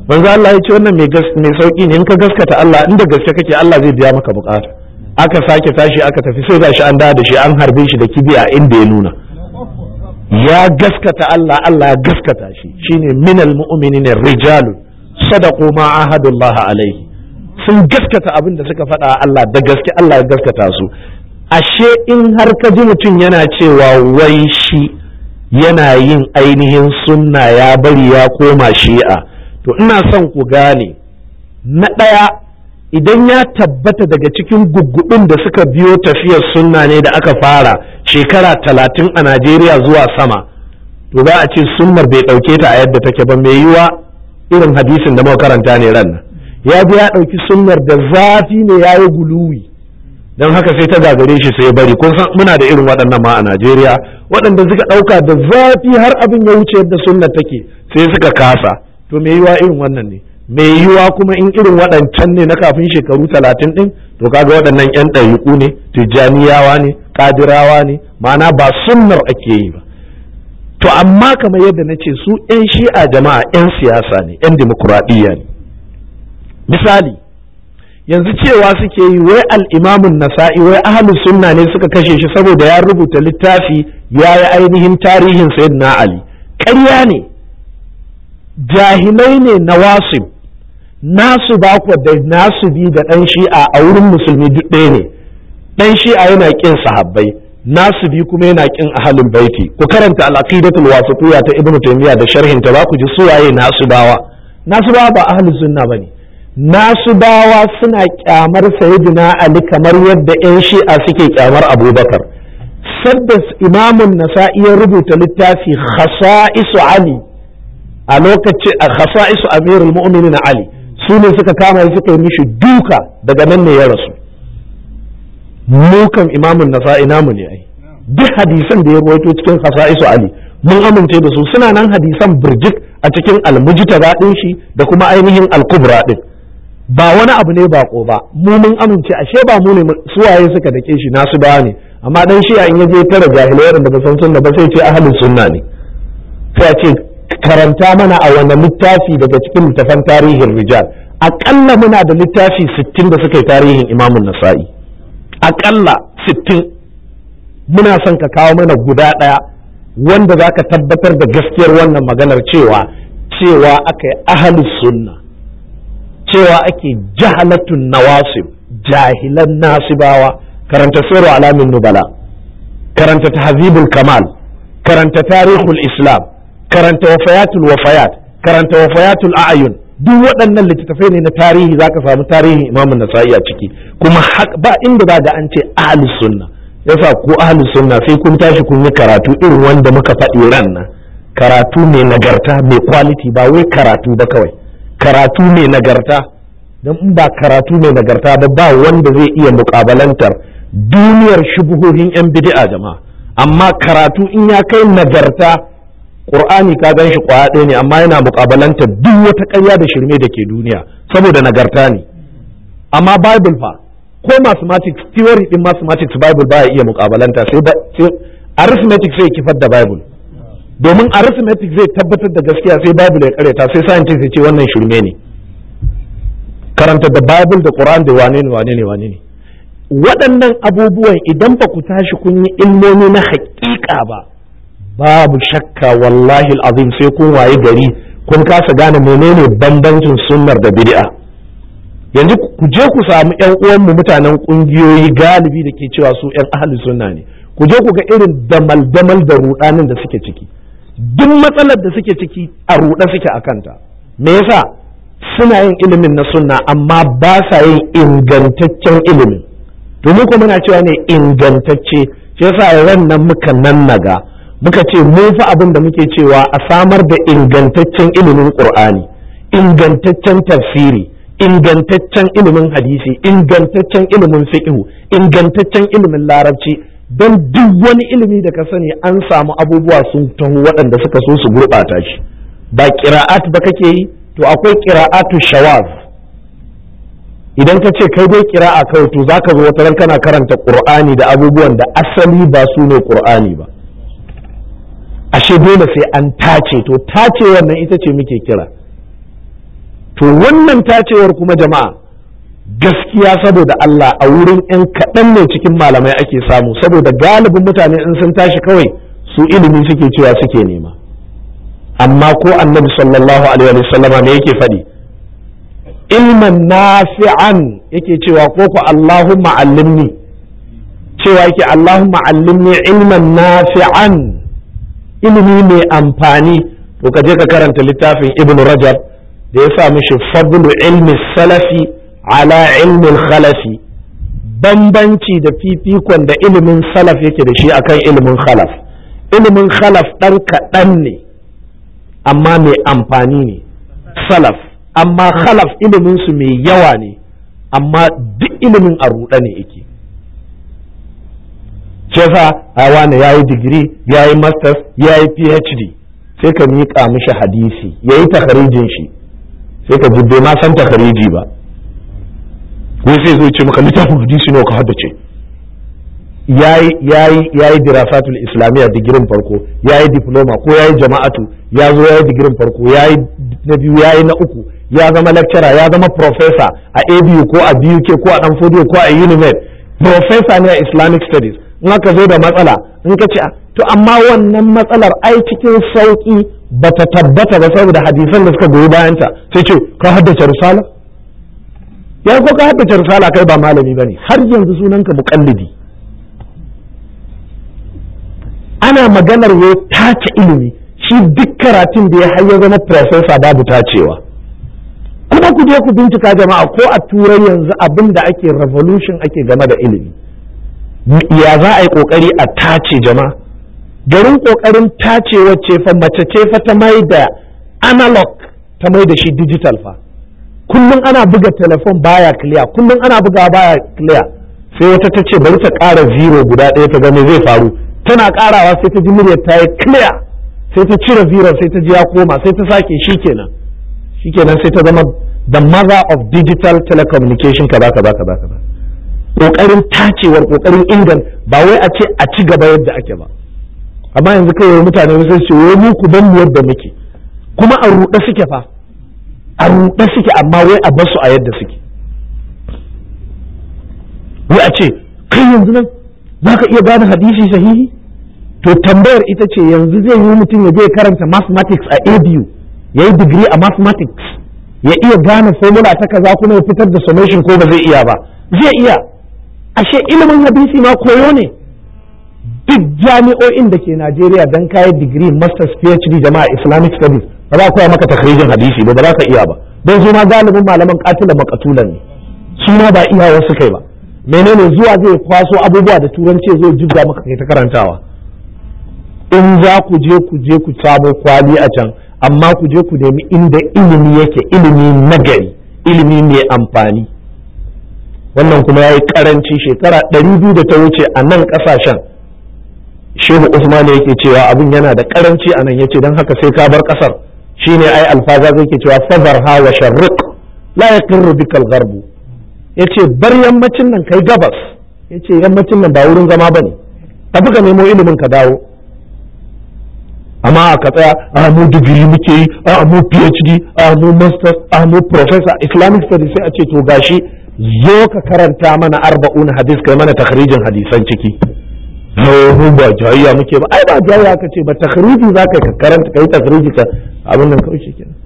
Speaker 1: manzo Allah ya ce wannan mai mai sauki ne in ka gaskata Allah inda gaske kake Allah zai biya maka bukata aka sake tashi aka tafi sai shi an da shi an harbe shi da kibiya inda ya nuna ya gaskata Allah Allah ya gaskata shi shine minal mu'minina rijalu sadaqu ma ahadullah alaihi sun gaskata abin da suka faɗa Allah da gaske Allah ya gaskata su ashe in har ka ji mutum yana cewa wai shi yana yin ainihin sunna ya bari ya koma shi'a to ina son ku gane na ɗaya idan ya tabbata daga cikin guggubin da suka biyo tafiyar sunna ne da aka fara shekara talatin a najeriya zuwa sama to za a ce sunnar bai ɗauke ta a yadda take ba mai yiwa irin hadisin da muka karanta ne ran ya bi ya ɗauki sunnar da zafi ne ya yi guluwi don haka sai ta gagare shi sai bari kun san muna da irin waɗannan ma a Najeriya waɗanda suka ɗauka da zafi har abin ya wuce yadda sunnar take sai suka kasa to me yiwa irin wannan ne me yiwa kuma in irin waɗancan ne na kafin shekaru talatin ɗin to kaga waɗannan yan ɗariƙu ne tijjaniyawa ne kadirawa ne ma'ana ba sunnar ake yi ba to amma kamar yadda na ce su yan shi'a jama'a yan siyasa ne yan dimokuraɗiyya ne misali yanzu cewa suke yi wai al'imamun nasa'i wai ahalus sunna ne suka kashe shi saboda ya rubuta littafi ya yi ainihin tarihin sayyidina ali ƙarya ne jahilai ne na wasu nasu ba da nasu bi da ɗan shi'a a wurin musulmi duk ɗaya ne ɗan shi'a yana ƙin sahabbai nasu bi kuma yana ƙin ahalin baiti ku karanta al-aqidatul wasitiyya ta ibnu taymiya da sharhin ta ba ku ji suwaye nasu bawa nasu bawa ba ahlus sunna bane nasu bawa suna kyamar sayyidina ali kamar yadda yan shi'a suke kyamar abubakar sadda imamun nasa'i ya rubuta littafi khasa'isu ali a lokaci a khasa'isu amirul mu'minin ali su ne suka kama shi suka yi mishi duka daga nan ne ya rasu mukan imamun nasa'i namu ne ai duk hadisan da ya rawaito cikin khasa'isu ali mun amince da su suna nan hadisan birjik a cikin almujtaba din shi da kuma ainihin alkubra ɗin. ba wani abu ne bako ba mu mun amince ashe ba mu ne suwaye suka dake shi nasu ba ne amma dan shi ya in yaje tara jahilai da ba san sunna ba sai ce ahlus sunna ne sai ce karanta mana a wani littafi daga cikin littafan tarihin rijal aƙalla muna da littafi sittin da suka yi tarihin imamun nasa'i aƙalla sittin muna son ka kawo mana guda ɗaya wanda za ka tabbatar da gaskiyar wannan maganar cewa cewa aka yi ahalus sunna cewa ake jahalatun nawasib jahilan nasibawa karanta sirru alamin nubala karanta tahzibul kamal karanta tarihul islam karanta wafayatul wafayat karanta wafayatul aayun. duk waɗannan littattafai ne na tarihi zaka samu tarihin Imam Nasa'i a ciki kuma ba inda za ga an ce ahli sunna yasa ko ahli sunna sai kun tashi kun yi karatu irin wanda muka faɗi ran nan karatu mai nagarta mai quality ba wai karatu ba kawai karatu mai nagarta don in ba karatu mai nagarta ba ba wanda zai iya mukabalantar duniyar shubuhohin yan bid'a jama'a amma karatu in ya kai nagarta qur'ani ka gan shi ɗaya ne amma yana muƙabalanta duk wata ƙarya da shirme da ke duniya saboda nagarta ne amma bible fa ko mathematics theory din mathematics bible ba ya iya muƙabalanta sai arithmetic sai kifar da bible domin arithmetic zai tabbatar da gaskiya sai bible ya kareta sai scientist ya ce wannan shirme ne karanta da bible da qur'an da wane ne wane ne wane ne waɗannan abubuwan idan ba ku tashi kun yi ilmomi na haƙiƙa ba babu shakka wallahi azim sai kun waye gari kun kasa gane menene bambancin sunnar da bid'a yanzu ku je ku samu yan uwanmu mutanen kungiyoyi galibi da ke cewa su yan ahli sunna ne ku je ku ga irin damal-damal da rudanin da suke ciki duk matsalar da suke ciki a ruɗa suke a kanta me yasa suna yin ilimin na sunna amma ba sa yin ingantaccen ilimi domin kuma muna cewa ne ingantacce shi yasa ran nan muka nannaga muka ce mun fi abin da muke cewa a samar da ingantaccen ilimin qur'ani ingantaccen tafsiri ingantaccen ilimin hadisi ingantaccen ilimin fiqh ingantaccen ilimin larabci don duk wani ilimi da ka sani an samu abubuwa sun taho waɗanda suka so su gurɓata shi ba qira'at ba kake yi to akwai qira'atu shawaz idan ka ce kai dai qira'a kawai to zaka zo wata ran kana karanta qur'ani da abubuwan da asali ba su ne qur'ani ba ashe dole sai an tace to tacewar nan ita ce muke kira to wannan tacewar kuma jama'a gaskiya saboda Allah a wurin 'yan kaɗan ne cikin malamai ake samu saboda galibin mutane in sun tashi kawai su ilimi suke cewa suke nema amma ko annabi sallallahu alaihi sallama me yake faɗi ilman nafi'an yake cewa ko ku Allahumma allimni cewa yake Allahumma allimni ilman nafi'an ilimi mai amfani to ka je ka karanta littafin ibn rajab da ya sa mishi fadlu ilmi salafi ala ilmi khalafi bambanci da fifikon da ilimin salaf yake da shi akan ilimin khalaf ilimin khalaf ɗan kaɗan ne amma mai amfani ne salaf amma khalaf iliminsu mai yawa ne amma duk ilimin a ruɗa ne yake cefa a wani ya yi digiri ya yi masters ya yi phd sai ka miƙa mishi hadisi ya yi takarijin shi sai ka jibbe ma san takariji ba ko sai zo ce maka littafin hadisi ne ka haddace ya yi dirasatul islamiyya digirin farko ya yi diploma ko ya yi jama'atu ya zo ya yi digirin farko ya yi na biyu ya yi na uku ya zama lecturer ya zama professor a abu ko a buk ko a danfodiyo ko a unimed professor ne a islamic studies in aka zo da matsala in ka ce ah, to amma wannan matsalar ai cikin sauki ba ta tabbata ba saboda hadisan da suka goyi bayanta sai ce ka haddace risala ya ko ka haddace risala kai ba malami ba ne? har yanzu sunanka muqallidi ana maganar ya tace ilimi shi duk karatun da ya har ya zama professor babu tacewa kuma ku je ku bincika jama'a ko a turai yanzu abinda da ake revolution ake game da ilimi ya za a yi kokari a tace jama'a garin kokarin tace wacce fa mace ce fa ta mai da analog ta mai da shi digital fa kullum ana buga telefon baya clear kullum ana buga baya clear sai wata ta ce bari ta ƙara zero guda ɗaya ta gani zai faru tana ƙarawa sai ta ji muryar ta yi clear sai ta cire zero sai ta ji ya koma sai ta sake shikenan shikenan sai ta zama the mother of digital telecommunication kaza kaza kaza kaza kokarin tacewar kokarin ingan ba wai a ce a ci gaba yadda ake ba amma yanzu kai mutane sun ce wai mu ku ban yadda muke kuma a ruɗe suke fa a ruɗe suke amma wai a basu a yadda suke wai a ce kai yanzu nan za ka iya gane hadisi sahihi to tambayar ita ce yanzu zai yi mutum ya je karanta mathematics a abu ya yi digiri a mathematics ya iya gane formula ta kaza kuma ya fitar da summation ko ba zai iya ba zai iya ashe ilimin hadisi ma koyo ne duk jami'o'in da ke Najeriya don kayi digiri masters phd jama'a islamic studies ba za koya maka takrijin hadisi ba ba za ka iya ba don su galibin malaman katila makatulan ne su ma ba iya wasu kai ba menene zuwa zai kwaso abubuwa da turanci zai jibga maka kai ta karantawa in za ku je ku je ku samo kwali a can amma ku je ku nemi inda ilimi yake ilimi nagari ilimi mai amfani wannan kuma ya yi karanci shekara ɗari biyu da ta wuce a nan ƙasashen shehu usman yake cewa abin yana da karanci a nan yace don haka sai ka bar ƙasar shine ai alfaza zai ke cewa ha wa sharruk la yaqirru bikal gharbu yace bar yammacin nan kai gabas yace yammacin nan ba wurin zama bane tafi ka nemo ilimin ka dawo amma ka tsaya a mu digiri muke yi a mu phd a mu masters a mu professor islamic studies sai a ce to gashi zo ka karanta mana arba'un hadis kai mana takhrijin hadisan ciki yau ba jayya muke ba ai ba jayya ka ce ba takhriji za ka karanta kai takhriji ka abin nan kawai shikenan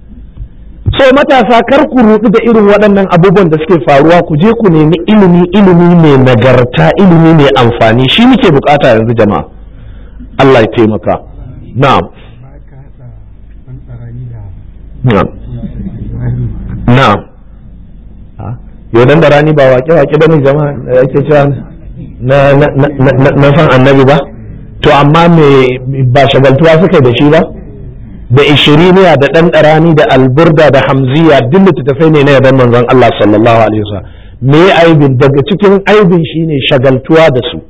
Speaker 1: so matasa kar ku rudu da irin waɗannan abubuwan da suke faruwa ku je ku nemi ilimi ilimi mai nagarta ilimi mai amfani shi muke bukata yanzu jama'a Allah ya taimaka na'am na'am Dan da rani ba waƙe waƙe bane jama'a da ake cewa na san annabi ba to amma me ba shagaltuwa suka da shi ba da ishiriniya da ɗan rani da alburda da hamziya duk littattafai ne na yaban manzon Allah sallallahu alaihi wasallam me aibin daga cikin aibin shine shagaltuwa da su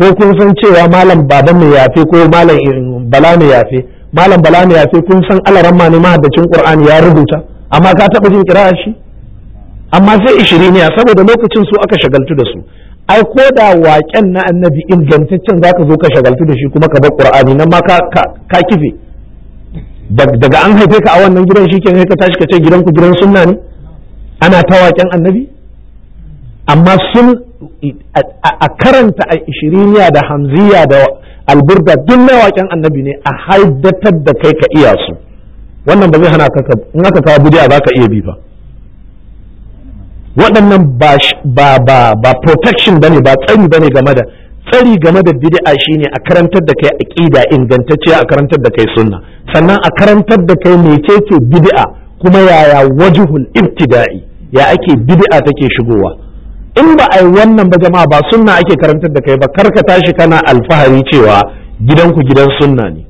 Speaker 1: ko kun san cewa malam baba mai yafe ko malam bala mai yafe malam bala mai yafe kun san alaramma ne mahaddacin qur'ani ya rubuta amma ka taba jin kira shi amma sai ishiriniya saboda lokacin su aka shagaltu da su ai ko da waken na annabi ingantaccen zaka zo ka shagaltu da shi kuma ka bar qur'ani nan ma ka ka kife daga an haife ka a wannan gidan shi kenan ka tashi ka ce gidan ku gidan sunna ne ana ta waken annabi amma sun a karanta a ishiriniya da hamziya da alburda duk waken annabi ne a haidatar da kai ka iya su wannan ba zai hana ka in aka kawo bidiya za ka iya bi ba waɗannan ba ba ba protection ba tsari bane game da tsari game da bid'a shine a karantar da kai aqida ingantacciya a karantar da kai sunna sannan a karantar da kai mecece bid'a kuma yaya wajhul ibtida'i ya ake bid'a take shigowa in ba a wannan ba jama'a ba sunna ake karantar da kai ba karka tashi kana alfahari cewa gidanku gidan sunna ne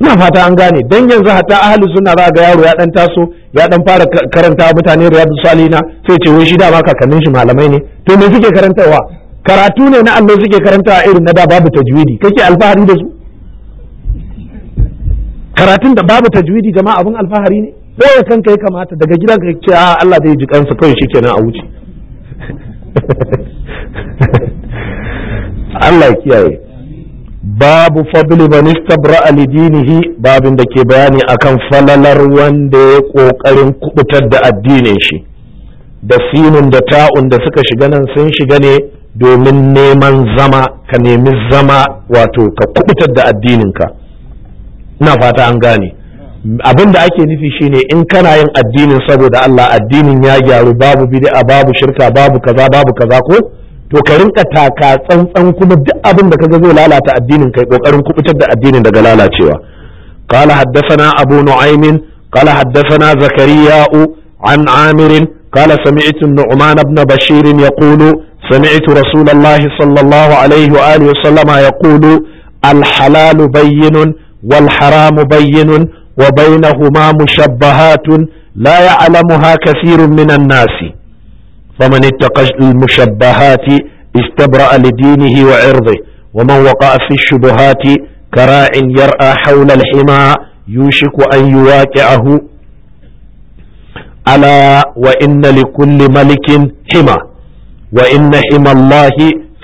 Speaker 1: Ina fata an gane dan yanzu hatta ahli sunna za ga yaro ya dan taso ya dan fara karanta mutane riyadu salina sai ce wai shi da ba kakannin shi malamai ne to me suke karantawa karatu ne na Allah suke karantawa irin na da babu tajwidi kake alfahari da su karatun da babu tajwidi jama'a abun alfahari ne boye kanka ya kamata daga gidan ka ce a Allah zai ji kansa kawai shikenan a wuce Allah ya kiyaye babu فضل من استبرا لدينه babin da ke bayani akan falalar wanda ya kokarin kubutar da addinin shi da sinin da ta'un da suka shiga nan sun shiga ne domin neman zama ka nemi zama wato ka kubutar da addininka ina fata an gane abin da ake nufi shine in kana yin addinin saboda Allah addinin ya gyaru babu bid'a babu shirka babu kaza babu kaza ko to ka rinka taka tsantsan kuma duk abin da kaga zai lalata addinin kai kokarin kubutar da addinin daga lalacewa قال حدثنا أبو نعيم قال حدثنا زكريا عن عامر قال سمعت النعمان بن بشير يقول سمعت رسول الله صلى الله عليه وآله وسلم يقول الحلال بين والحرام بين وبينهما مشبهات لا يعلمها كثير من الناس فمن اتقى المشبهات استبرأ لدينه وعرضه ومن وقع في الشبهات كراع يرأى حول الحمى يوشك أن يواقعه ألا وإن لكل ملك حمى وإن حمى الله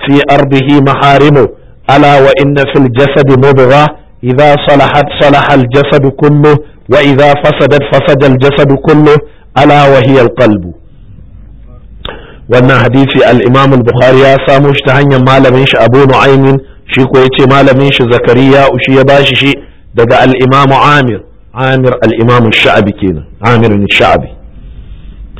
Speaker 1: في أرضه محارمه ألا وإن في الجسد مضغة إذا صلحت صلح الجسد كله وإذا فسدت فسد الجسد كله ألا وهي القلب wannan hadisi al-imam al-bukhari ya samo shi ta hanyar malamin shi abu nu'aymin shi ko yace malamin shi zakariya shi ya bashi shi daga al-imam amir amir al-imam kenan amir Shabi.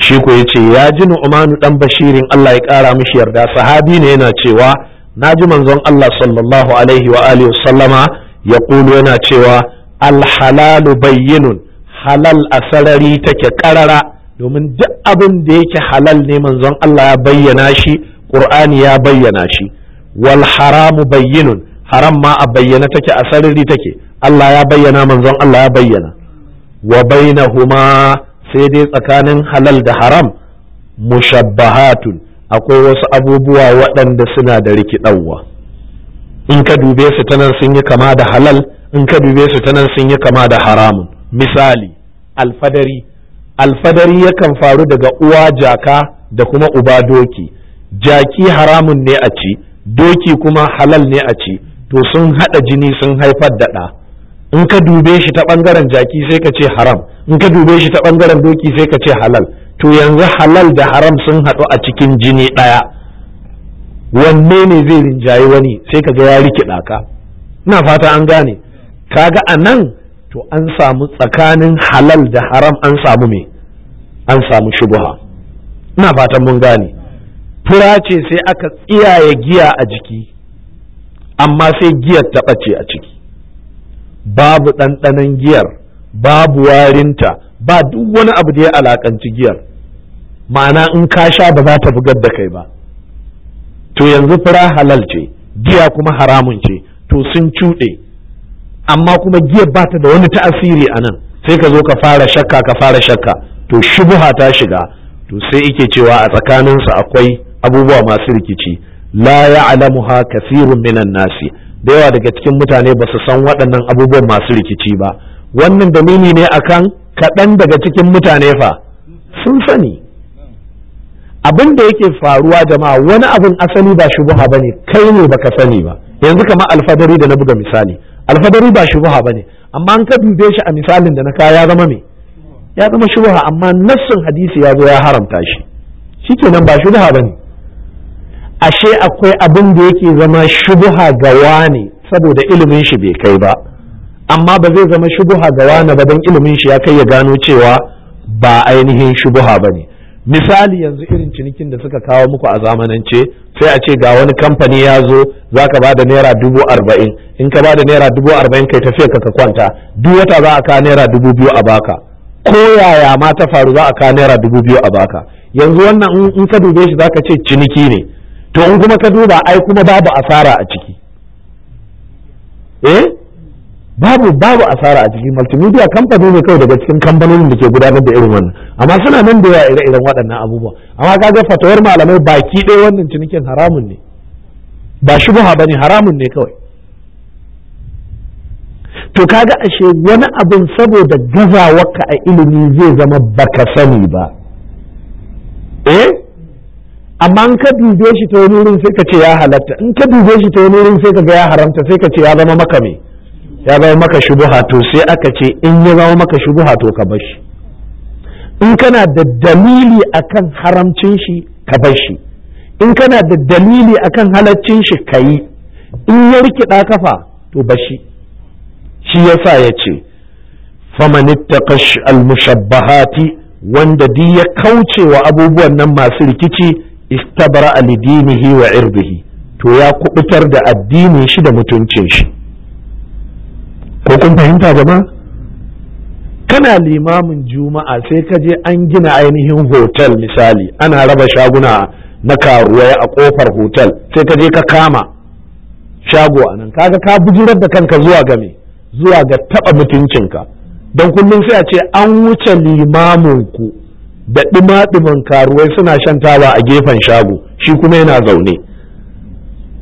Speaker 1: shi ko yace ya ji nu'man dan bashirin Allah ya kara mishi yarda sahabi ne yana cewa naji manzon Allah sallallahu alaihi wa alihi sallama ya kulu yana cewa al-halalu bayyinun halal a sarari take karara domin duk abin da yake halal ne manzon Allah ya bayyana shi qur'ani ya bayyana shi wal haramu bayyinun haram ma a bayyana take a sarari take Allah ya bayyana manzon Allah ya bayyana wa bainahuma sai dai tsakanin halal da haram mushabbahatun akwai wasu abubuwa waɗanda suna da rikidawa in ka dube su ta sun yi kama da halal in ka dube su ta sun yi kama da haramun misali alfadari alfadari yakan faru daga uwa jaka da kuma uba doki jaki haramun ne a ci doki kuma halal ne a ci to sun haɗa jini sun haifar da ɗa in ka dube shi ta ɓangaren jaki sai ka ce haram in ka dube shi ta ɓangaren doki sai ka ce halal to yanzu halal da haram sun haɗu a cikin jini ɗaya wanne ne zai rinjayi wani sai ka ga ya rikiɗa ka ina fata an gane kaga a nan to an samu tsakanin halal da haram an samu me an samu shubuha ina fatan mun gane fura ce sai aka tsiyaye giya a jiki amma sai giyar ta ɓace a ciki babu ɗanɗanon giyar babu warinta ba duk wani abu da ya alakanci giyar ma'ana in ka sha ba za ta bugar da kai ba to yanzu fura halal ce giya kuma haramun ce to sun cuɗe amma kuma giyar ba ta da wani ta'asiri a nan sai ka zo ka fara shakka ka fara shakka to shubuha ta shiga to sai ike cewa a tsakaninsu akwai abubuwa masu rikici la ya'lamuha kathirun minan nasi da yawa daga cikin mutane ba su san waɗannan abubuwan masu rikici ba wannan dalili ne akan kaɗan daga cikin mutane fa sun sani abin da yake faruwa jama'a wani abin asali ba shubuha bane kai ne baka sani ba yanzu kamar alfadari da na buga misali alfadari ba ba bane amma an ka dube shi a misalin da na kawo ya zama me ya zama shubha amma nassin hadisi ya zo ya haramta shi "Shi nan ba ba ne." ashe akwai abin da yake zama shubuha ga wani saboda ilimin shi bai kai ba amma ba zai zama shubuha ga wani ba don ilimin shi ya kai ya gano cewa ba ainihin ba ne. misali yanzu irin cinikin da suka kawo muku a zamanance sai a ce ga wani kamfani ya zo za ka ba da naira dubu arba'in in ka ba da naira dubu arba'in kai tafiya ka kwanta duk wata za a kawo naira dubu biyu a baka ko yaya ma ta faru za a kawo naira dubu biyu a baka yanzu wannan in ka dube shi za ka ce ciniki ne to in kuma ka duba ai kuma babu asara a ciki eh babu babu asara a cikin multimedia kamfani ne kawai daga cikin kamfanonin da ke gudanar da irin wannan amma suna nan da yawa ire-iren waɗannan abubuwa amma kaga fatawar malamai baki ɗaya wannan cinikin haramun ne ba shubuha ne haramun ne kawai to kaga ashe wani abin saboda gazawarka a ilimi zai zama baka sani ba eh amma in ka dube shi ta wani wurin sai ka ce ya halatta in ka dube shi ta wani wurin sai ka ga ya haramta sai ka ce ya zama maka me ya zama maka shubuha to sai aka ce in ya zama maka shubuha to ka bar shi in kana da dalili akan haramcin shi ka bar shi in kana da dalili akan halaccin shi ka yi in ya rikida kafa to bar shi shi yasa ya ce faman ittaqash al-mushabbahati wanda duk ya kauce wa abubuwan nan masu rikici istabara alidinihi wa irbihi to ya kubutar da addinin shi da mutuncin shi ko kun fahimta gaba kana limamin juma'a sai ka je an gina ainihin hotel misali ana raba shaguna na karuwai a kofar hotel sai ka je ka kama shago a nan kaga ka bujirar da kanka zuwa ga me zuwa ga taba mutuncinka don kullum sai a ce an wuce limamin ku da dima karuwai suna shan taba a gefen shago shi kuma yana zaune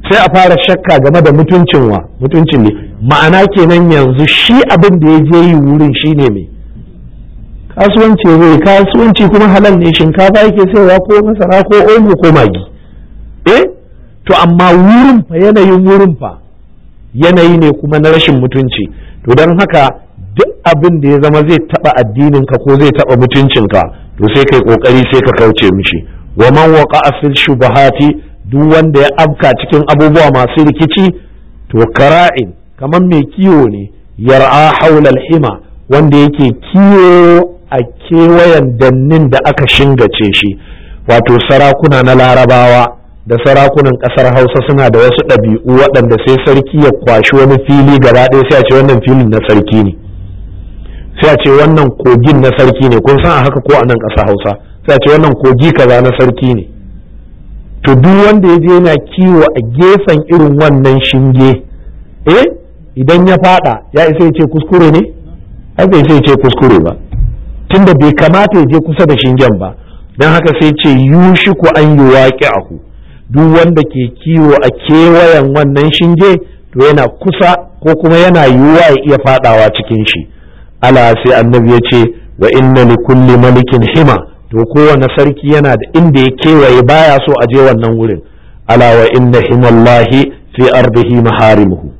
Speaker 1: sai a fara shakka game da mutuncin wa mutuncin ne ma'ana kenan yanzu shi abin da ya je yi wurin shine mai kasuwanci zai kasuwanci kuma halal ne shinkafa yake sayarwa ko masara ko omo ko magi eh to amma wurin fa yanayin wurin fa yanayi ne kuma na rashin mutunci to don haka duk abin da ya zama zai taba addinin ka ko zai taba mutuncinka to sai kai kokari sai ka kauce mishi wa man waqa'a fil shubahati duk wanda ya afka cikin abubuwa masu rikici to kara'in kamar mai kiwo ne yar'a haulal hima wanda yake kiwo a kewayen dannin da aka shingace shi wato sarakuna na larabawa da sarakunan kasar hausa suna da wasu ɗabi'u waɗanda sai sarki ya kwashi wani fili gaba ɗaya sai a ce wannan filin na sarki ne sai a ce wannan kogin na sarki ne kun san a haka ko a nan ƙasar hausa sai a ce wannan kogi kaza na sarki ne to duk wanda ya je yana kiwo a gefen irin wannan shinge eh idan ya fada ya isa ya ce kuskure ne ai bai sai ce kuskure ba tunda bai kamata ya je kusa da shingen ba don haka sai ce yushiku an yi waƙi ku duk wanda ke kiwo a kewayen wannan shinge to yana kusa ko kuma yana yiwuwa ya iya fadawa cikin shi ala sai annabi ya ce wa inna li kulli malikin hima to kowane sarki yana da inda ya kewaye baya so a je wannan wurin ala wa inna himallahi fi ardihi maharimuhu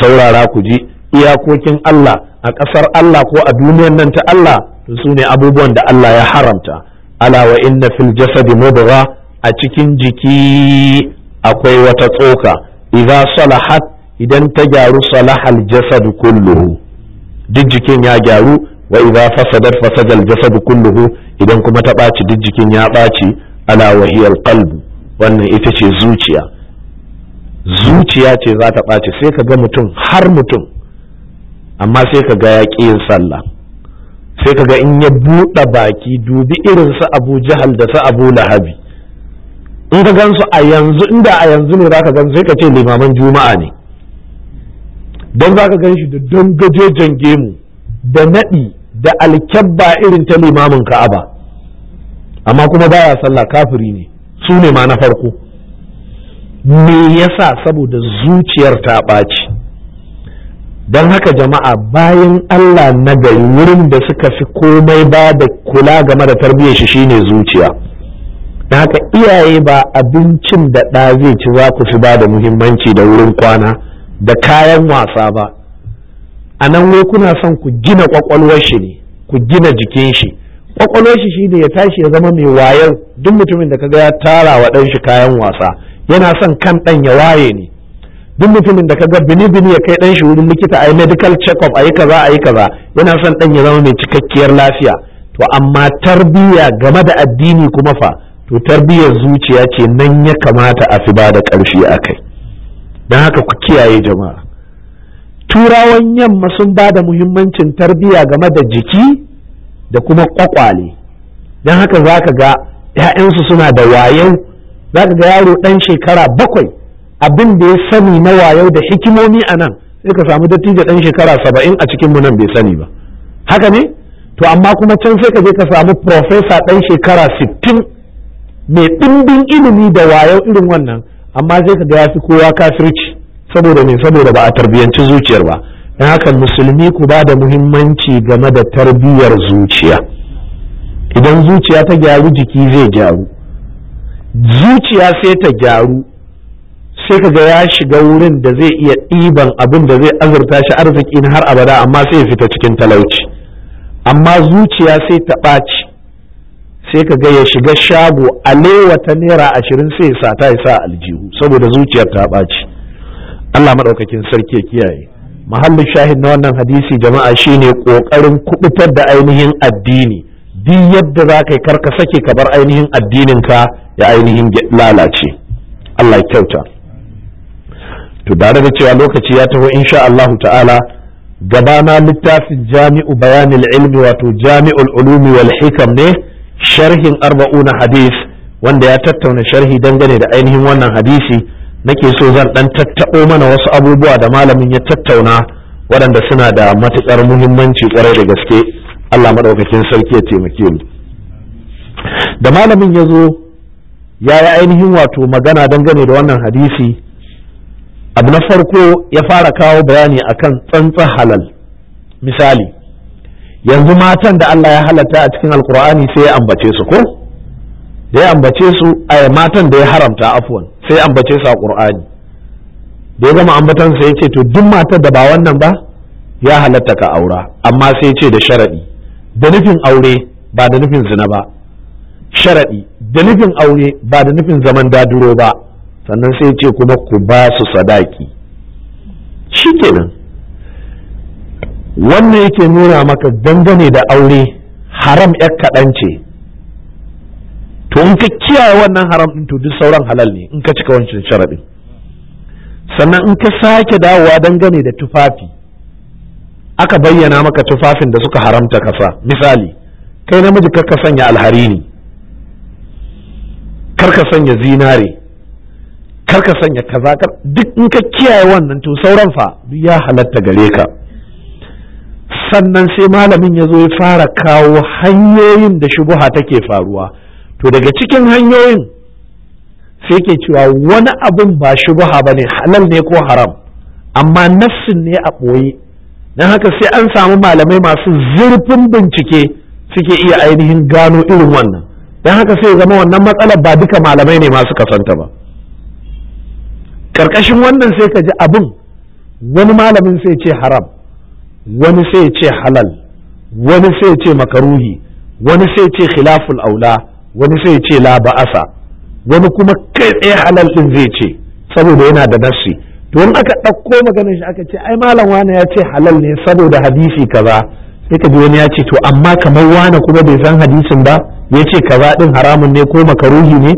Speaker 1: saurara ku ji iyakokin Allah a ƙasar Allah ko a duniyar nan ta Allah su ne abubuwan da Allah ya haramta alawa wa inna fil jasadi mudgha a cikin jiki akwai wata tsoka idza salahat idan ta gyaru salahal jasad kulluhu duk jikin ya gyaru wa idza fasadat fasada al-jasad kulluhu idan kuma ta baci duk jikin ya baci ala wa hiya al-qalb wannan ita ce zuciya zuciya ce za ta ɓaci sai ka ga mutum har mutum amma sai ka ga ya yin sallah sai ka ga in ya buɗe baki dubi irin su abu jahal da su abu lahabi in ka gan su a yanzu inda a yanzu ne za gan sai ka ce limaman juma'a ne don za gan shi da don jange mu. da naɗi da alkyabba irin ta limamin ka'aba amma kuma baya sallah kafiri ne su ne ma na farko me yasa saboda zuciyar ta ɓaci don haka jama'a bayan Allah na gari wurin da suka fi komai ba da kula game da tarbiyyar shi shine zuciya da haka iyaye ba abincin da ɗa zai ci za ku fi ba da muhimmanci da wurin kwana da kayan wasa ba a nan wai kuna son ku gina kwakwalwar shi ne ku gina jikin shi kwakwalwar shi shine ya tashi ya zama mai wayo duk mutumin da kaga ya tara wa dan shi kayan wasa yana son kan dan ya waye ne duk mutumin da kaga bini bini ya kai dan shi wurin likita ai medical check up ayi kaza ayi kaza yana son dan ya zama mai cikakkiyar lafiya to amma tarbiyya game da addini kuma fa to tarbiyyar zuciya ce nan ya kamata a fi ba da karfi akai dan haka ku kiyaye jama'a turawan yamma sun ba da muhimmancin tarbiyya game da jiki da kuma kwakwale don haka za ka ga 'ya'yansu suna da wayau za ka ga yaro ɗan shekara bakwai abin da ya sani na wayau da hikimomi a nan sai ka samu dattijo ɗan shekara saba'in a cikinmu nan bai sani ba haka ne to amma kuma can sai ka je ka samu profesa ɗan shekara sittin mai ɗimbin ilimi da wayau irin wannan amma sai ka ga ya fi kowa kafirci saboda me saboda ba a tarbiyanci zuciyar ba don haka musulmi ku ba da muhimmanci game da tarbiyar zuciya idan zuciya ta gyaru jiki zai gyaru zuciya sai ta gyaru sai kaga ya shiga wurin da zai iya ɗiban abin da zai azurta shi arziki na har abada amma sai ya fita cikin talauci amma zuciya sai ta ɓaci sai ga ya shiga shago alewata lewata naira ashirin sai ya sata ya sa aljihu saboda zuciyar ta ɓaci Allah maɗaukakin sarki ya kiyaye muhallin shahin na wannan hadisi jama'a shine ƙoƙarin kubutar da ainihin addini duk yadda za ka yi karka sake ka bar ainihin addinin ka ya ainihin lalace Allah ya kyauta to da da cewa lokaci ya taho insha Allah ta'ala gabana littafin jami'u bayanil ilmi wato jami'ul ulumi wal hikam ne sharhin arba'una hadis wanda ya tattauna sharhi dangane da ainihin wannan hadisi nake so zan dan tattabo mana wasu abubuwa da malamin ya tattauna waɗanda suna da matuƙar muhimmanci kwarai da gaske Allah maɗaukakin sarki ya taimake mu da malamin ya zo ya yi ainihin wato magana dangane da wannan hadisi abu na farko ya fara kawo bayani akan tsantsan halal misali yanzu matan da Allah ya halatta a cikin alkur'ani sai ya ambace su ko ya ambace su a matan da ya haramta afuwan sai ambace su a ƙur'ani da ya gama ambatan sai ya ce to duk matar da ba wannan ba ya halatta ka aura amma sai ce da sharaɗi. da nufin aure ba da nufin zina ba Sharaɗi. da nufin aure ba da nufin zaman daduro ba sannan sai ce kuma ku ba su sadaki shikenan wannan yake nuna maka dangane da aure haram 'yar kaɗan ce to in ka kiyaye wannan haram din to duk sauran halal ne in ka cika wancan sharadin sannan in ka sake dawowa dangane da tufafi aka bayyana maka tufafin da suka haramta kasa misali kai namiji karka sanya alharini karka sanya zinare karka sanya kaza duk in ka kiyaye wannan to sauran fa duk ya halatta gare ka sannan sai malamin ya zo ya fara kawo hanyoyin da shubuha take faruwa to daga cikin hanyoyin sai ke cewa wani abin ba shubha ba ne halal ne ko haram amma nafsin ne a ɓoye don haka sai an samu malamai masu zurfin bincike suke iya ainihin gano irin wannan don haka sai zama wannan matsalar ba duka malamai ne masu kasanta ba ƙarƙashin wannan sai ka ji abin wani malamin sai ce haram wani sai ce halal wani sai ce makaruhi wani sai ce khilaful aula wani sai ce la ba'asa wani kuma kai tsaye halal din zai ce saboda yana da nassi to in aka ɗauko maganar shi aka ce ai malam wani ya ce halal ne saboda hadisi kaza sai ka ji wani ya ce to amma kamar wani kuma bai san hadisin ba ya ce kaza din haramun ne ko makaruhi ne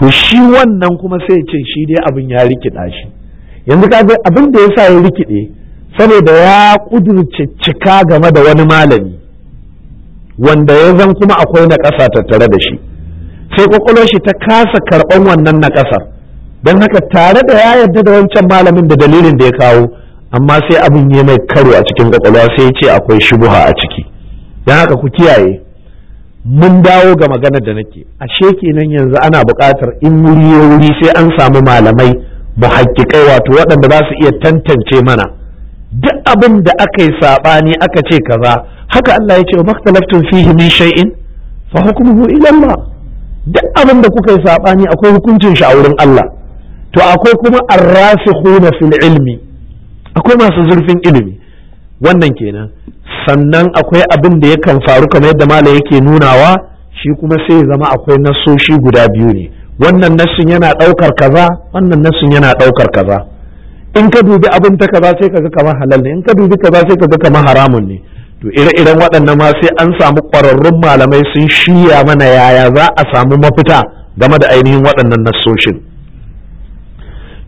Speaker 1: to shi wannan kuma sai ya ce shi dai abin ya rikida shi yanzu kaga abin da yasa ya rikide saboda ya kudurce cika game da wani malami wanda ya zan kuma akwai na ƙasa tattare da shi sai kwakwalwar shi ta kasa karɓan wannan na ƙasar don haka tare da ya yarda da wancan malamin da dalilin da ya kawo amma sai abin ya mai karo a cikin kwakwalwa sai ya ce akwai shubuha a ciki don haka ku kiyaye mun dawo ga maganar da nake ashe kenan yanzu ana buƙatar in wuri wuri sai an samu malamai mu muhakkikai wato waɗanda za su iya tantance mana duk abin da aka yi saɓani aka ce kaza haka Allah ya ce wa maktalaftun fihi min shay'in fa hukmuhu ila Allah duk abin da kuka yi saɓani akwai hukuncin shi a wurin Allah to akwai kuma arrasikhuna fil ilmi akwai masu zurfin ilimi wannan kenan sannan akwai abin da yakan faru kamar yadda malam yake nunawa shi kuma sai ya zama akwai nasoshi guda biyu ne wannan nasin yana ɗaukar kaza wannan nasin yana ɗaukar kaza in ka dubi abin ta kaza sai kaga kamar halal ne in ka dubi kaza sai kaga kamar haramun ne to ire-iren waɗannan ma sai an samu ƙwararrun malamai sun shirya mana yaya za a samu mafita game da ainihin waɗannan nasoshin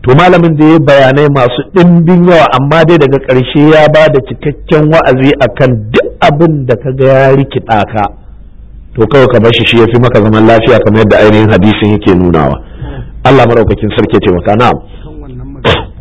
Speaker 1: to malamin da ya bayanai masu ɗimbin yawa amma dai daga ƙarshe ya ba da cikakken wa'azi a kan duk abin da ka ga ya rikiɗa ka to kawai ka bashi shi ya fi maka zaman lafiya kamar yadda ainihin hadisin yake nunawa Allah maraukakin sarki taimaka na'am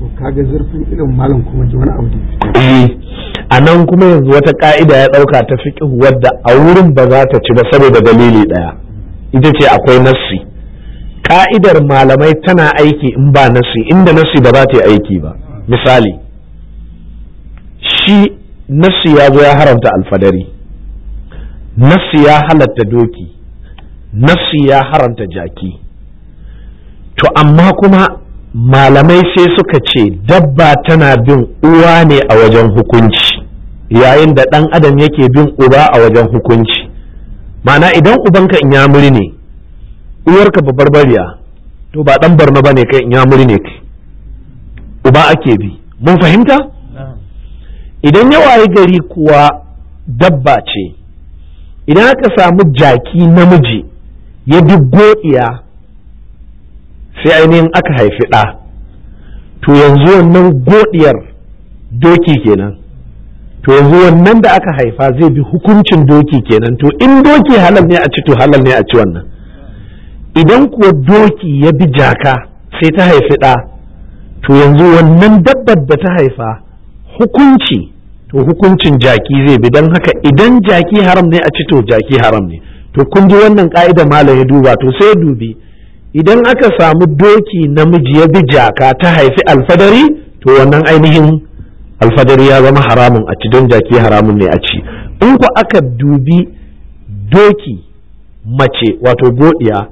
Speaker 1: to kaga zurfin irin malam kuma ji wani abu da eh, a nan kuma yanzu wata ka'ida ya ɗauka ta fiƙi wadda a wurin ba za ta ci ba saboda dalili ɗaya ita ce akwai nasi. ka'idar malamai tana aiki in ba nassi inda nasi ba za ta yi aiki ba misali shi nasi ya zo ya haramta alfadari nasi ya halatta doki nasi ya haramta jaki to amma kuma malamai sai suka ce dabba tana bin uwa ne a wajen hukunci yayin da ɗan adam yake bin uba a wajen hukunci Mana idan ubanka inyamuri ne uwarka barbariya to ba ɗan barna ba ne kai in inyamuri ne kai uba ake bi mun fahimta idan ya wayi gari kuwa dabba ce idan aka samu jaki namiji ya bi goɗiya sai ainihin aka haifi ɗa to yanzu wannan godiyar doki kenan to yanzu wannan da aka haifa zai bi hukuncin doki kenan to in doki halal ne a ci to halal ne a ci wannan idan kuwa doki ya bi jaka sai ta haifi ɗa to yanzu wannan dabbar da ta haifa hukunci to hukuncin jaki zai bi don haka idan jaki haram ne a ci to jaki haram ne to kun ji wannan ka'ida malam ya duba to sai dubi idan aka samu doki namiji ya bi jaka ta haifi alfadari to wannan ainihin alfadari ya zama haramun a ci don jaki haramun ne a ci in ku aka dubi doki mace wato godiya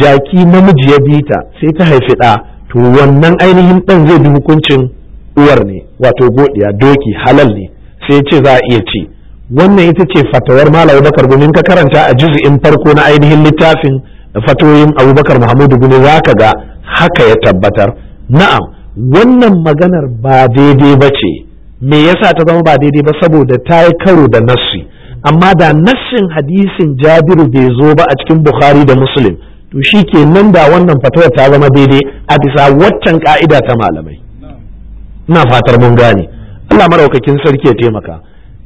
Speaker 1: jaki namiji ya bi ta sai ta haifi ɗa to wannan ainihin ɗan zai bi hukuncin uwar ne wato godiya doki halal ne sai ce za a iya ci wannan ita ce fatawar malam bakar gumin ka karanta a juzu'in farko na ainihin littafin da fatoyin abubakar muhammadu gune za ka ga haka ya tabbatar na'am wannan maganar ba daidai ba ce me yasa ta zama ba daidai ba saboda ta yi karo da nassi amma da nassin hadisin jabiru bai zo ba a cikin bukhari da muslim to shi ke nan da wannan fatawar ta zama daidai a bisa waccan ka'ida ta malamai ina fatar mun gane allah maraukakin sarki ya taimaka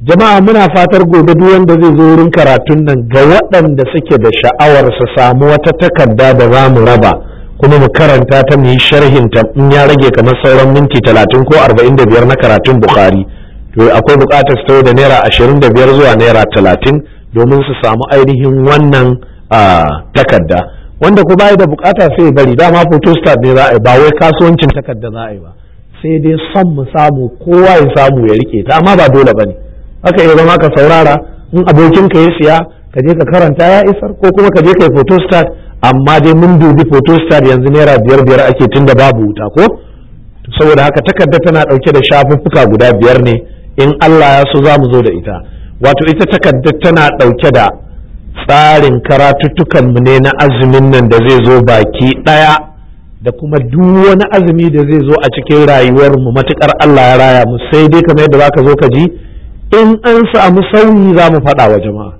Speaker 1: jama'a muna fatar gobe duk wanda zai zo wurin karatun nan ga waɗanda suke da sha'awar su samu wata takarda da za mu raba kuma mu karanta ta mu yi sharhin ta in ya rage kamar sauran minti talatin ko arba'in da biyar na karatun bukhari to akwai bukatar su da naira ashirin da biyar zuwa naira talatin domin su samu ainihin wannan takarda wanda ku bai da bukata sai bari dama photostat ne za a yi ba wai kasuwancin takarda za a yi ba sai dai son mu samu kowa ya samu ya rike ta amma ba dole bane haka iya zama ka saurara in abokinka ya siya ka je ka karanta ya isar ko kuma ka je ka yi photostat amma dai mun dubi photostat yanzu naira biyar biyar ake tun da babu wuta ko saboda haka takarda tana dauke da shafuffuka guda biyar ne in Allah ya so za mu zo da ita wato ita takarda tana dauke da tsarin karatuttukan mu ne na azumin nan da zai zo baki daya da kuma duk wani azumi da zai zo a cikin rayuwar mu matukar Allah ya raya mu sai dai kamar yadda zaka zo ka ji in an samu sauyi za mu faɗa wa jama'a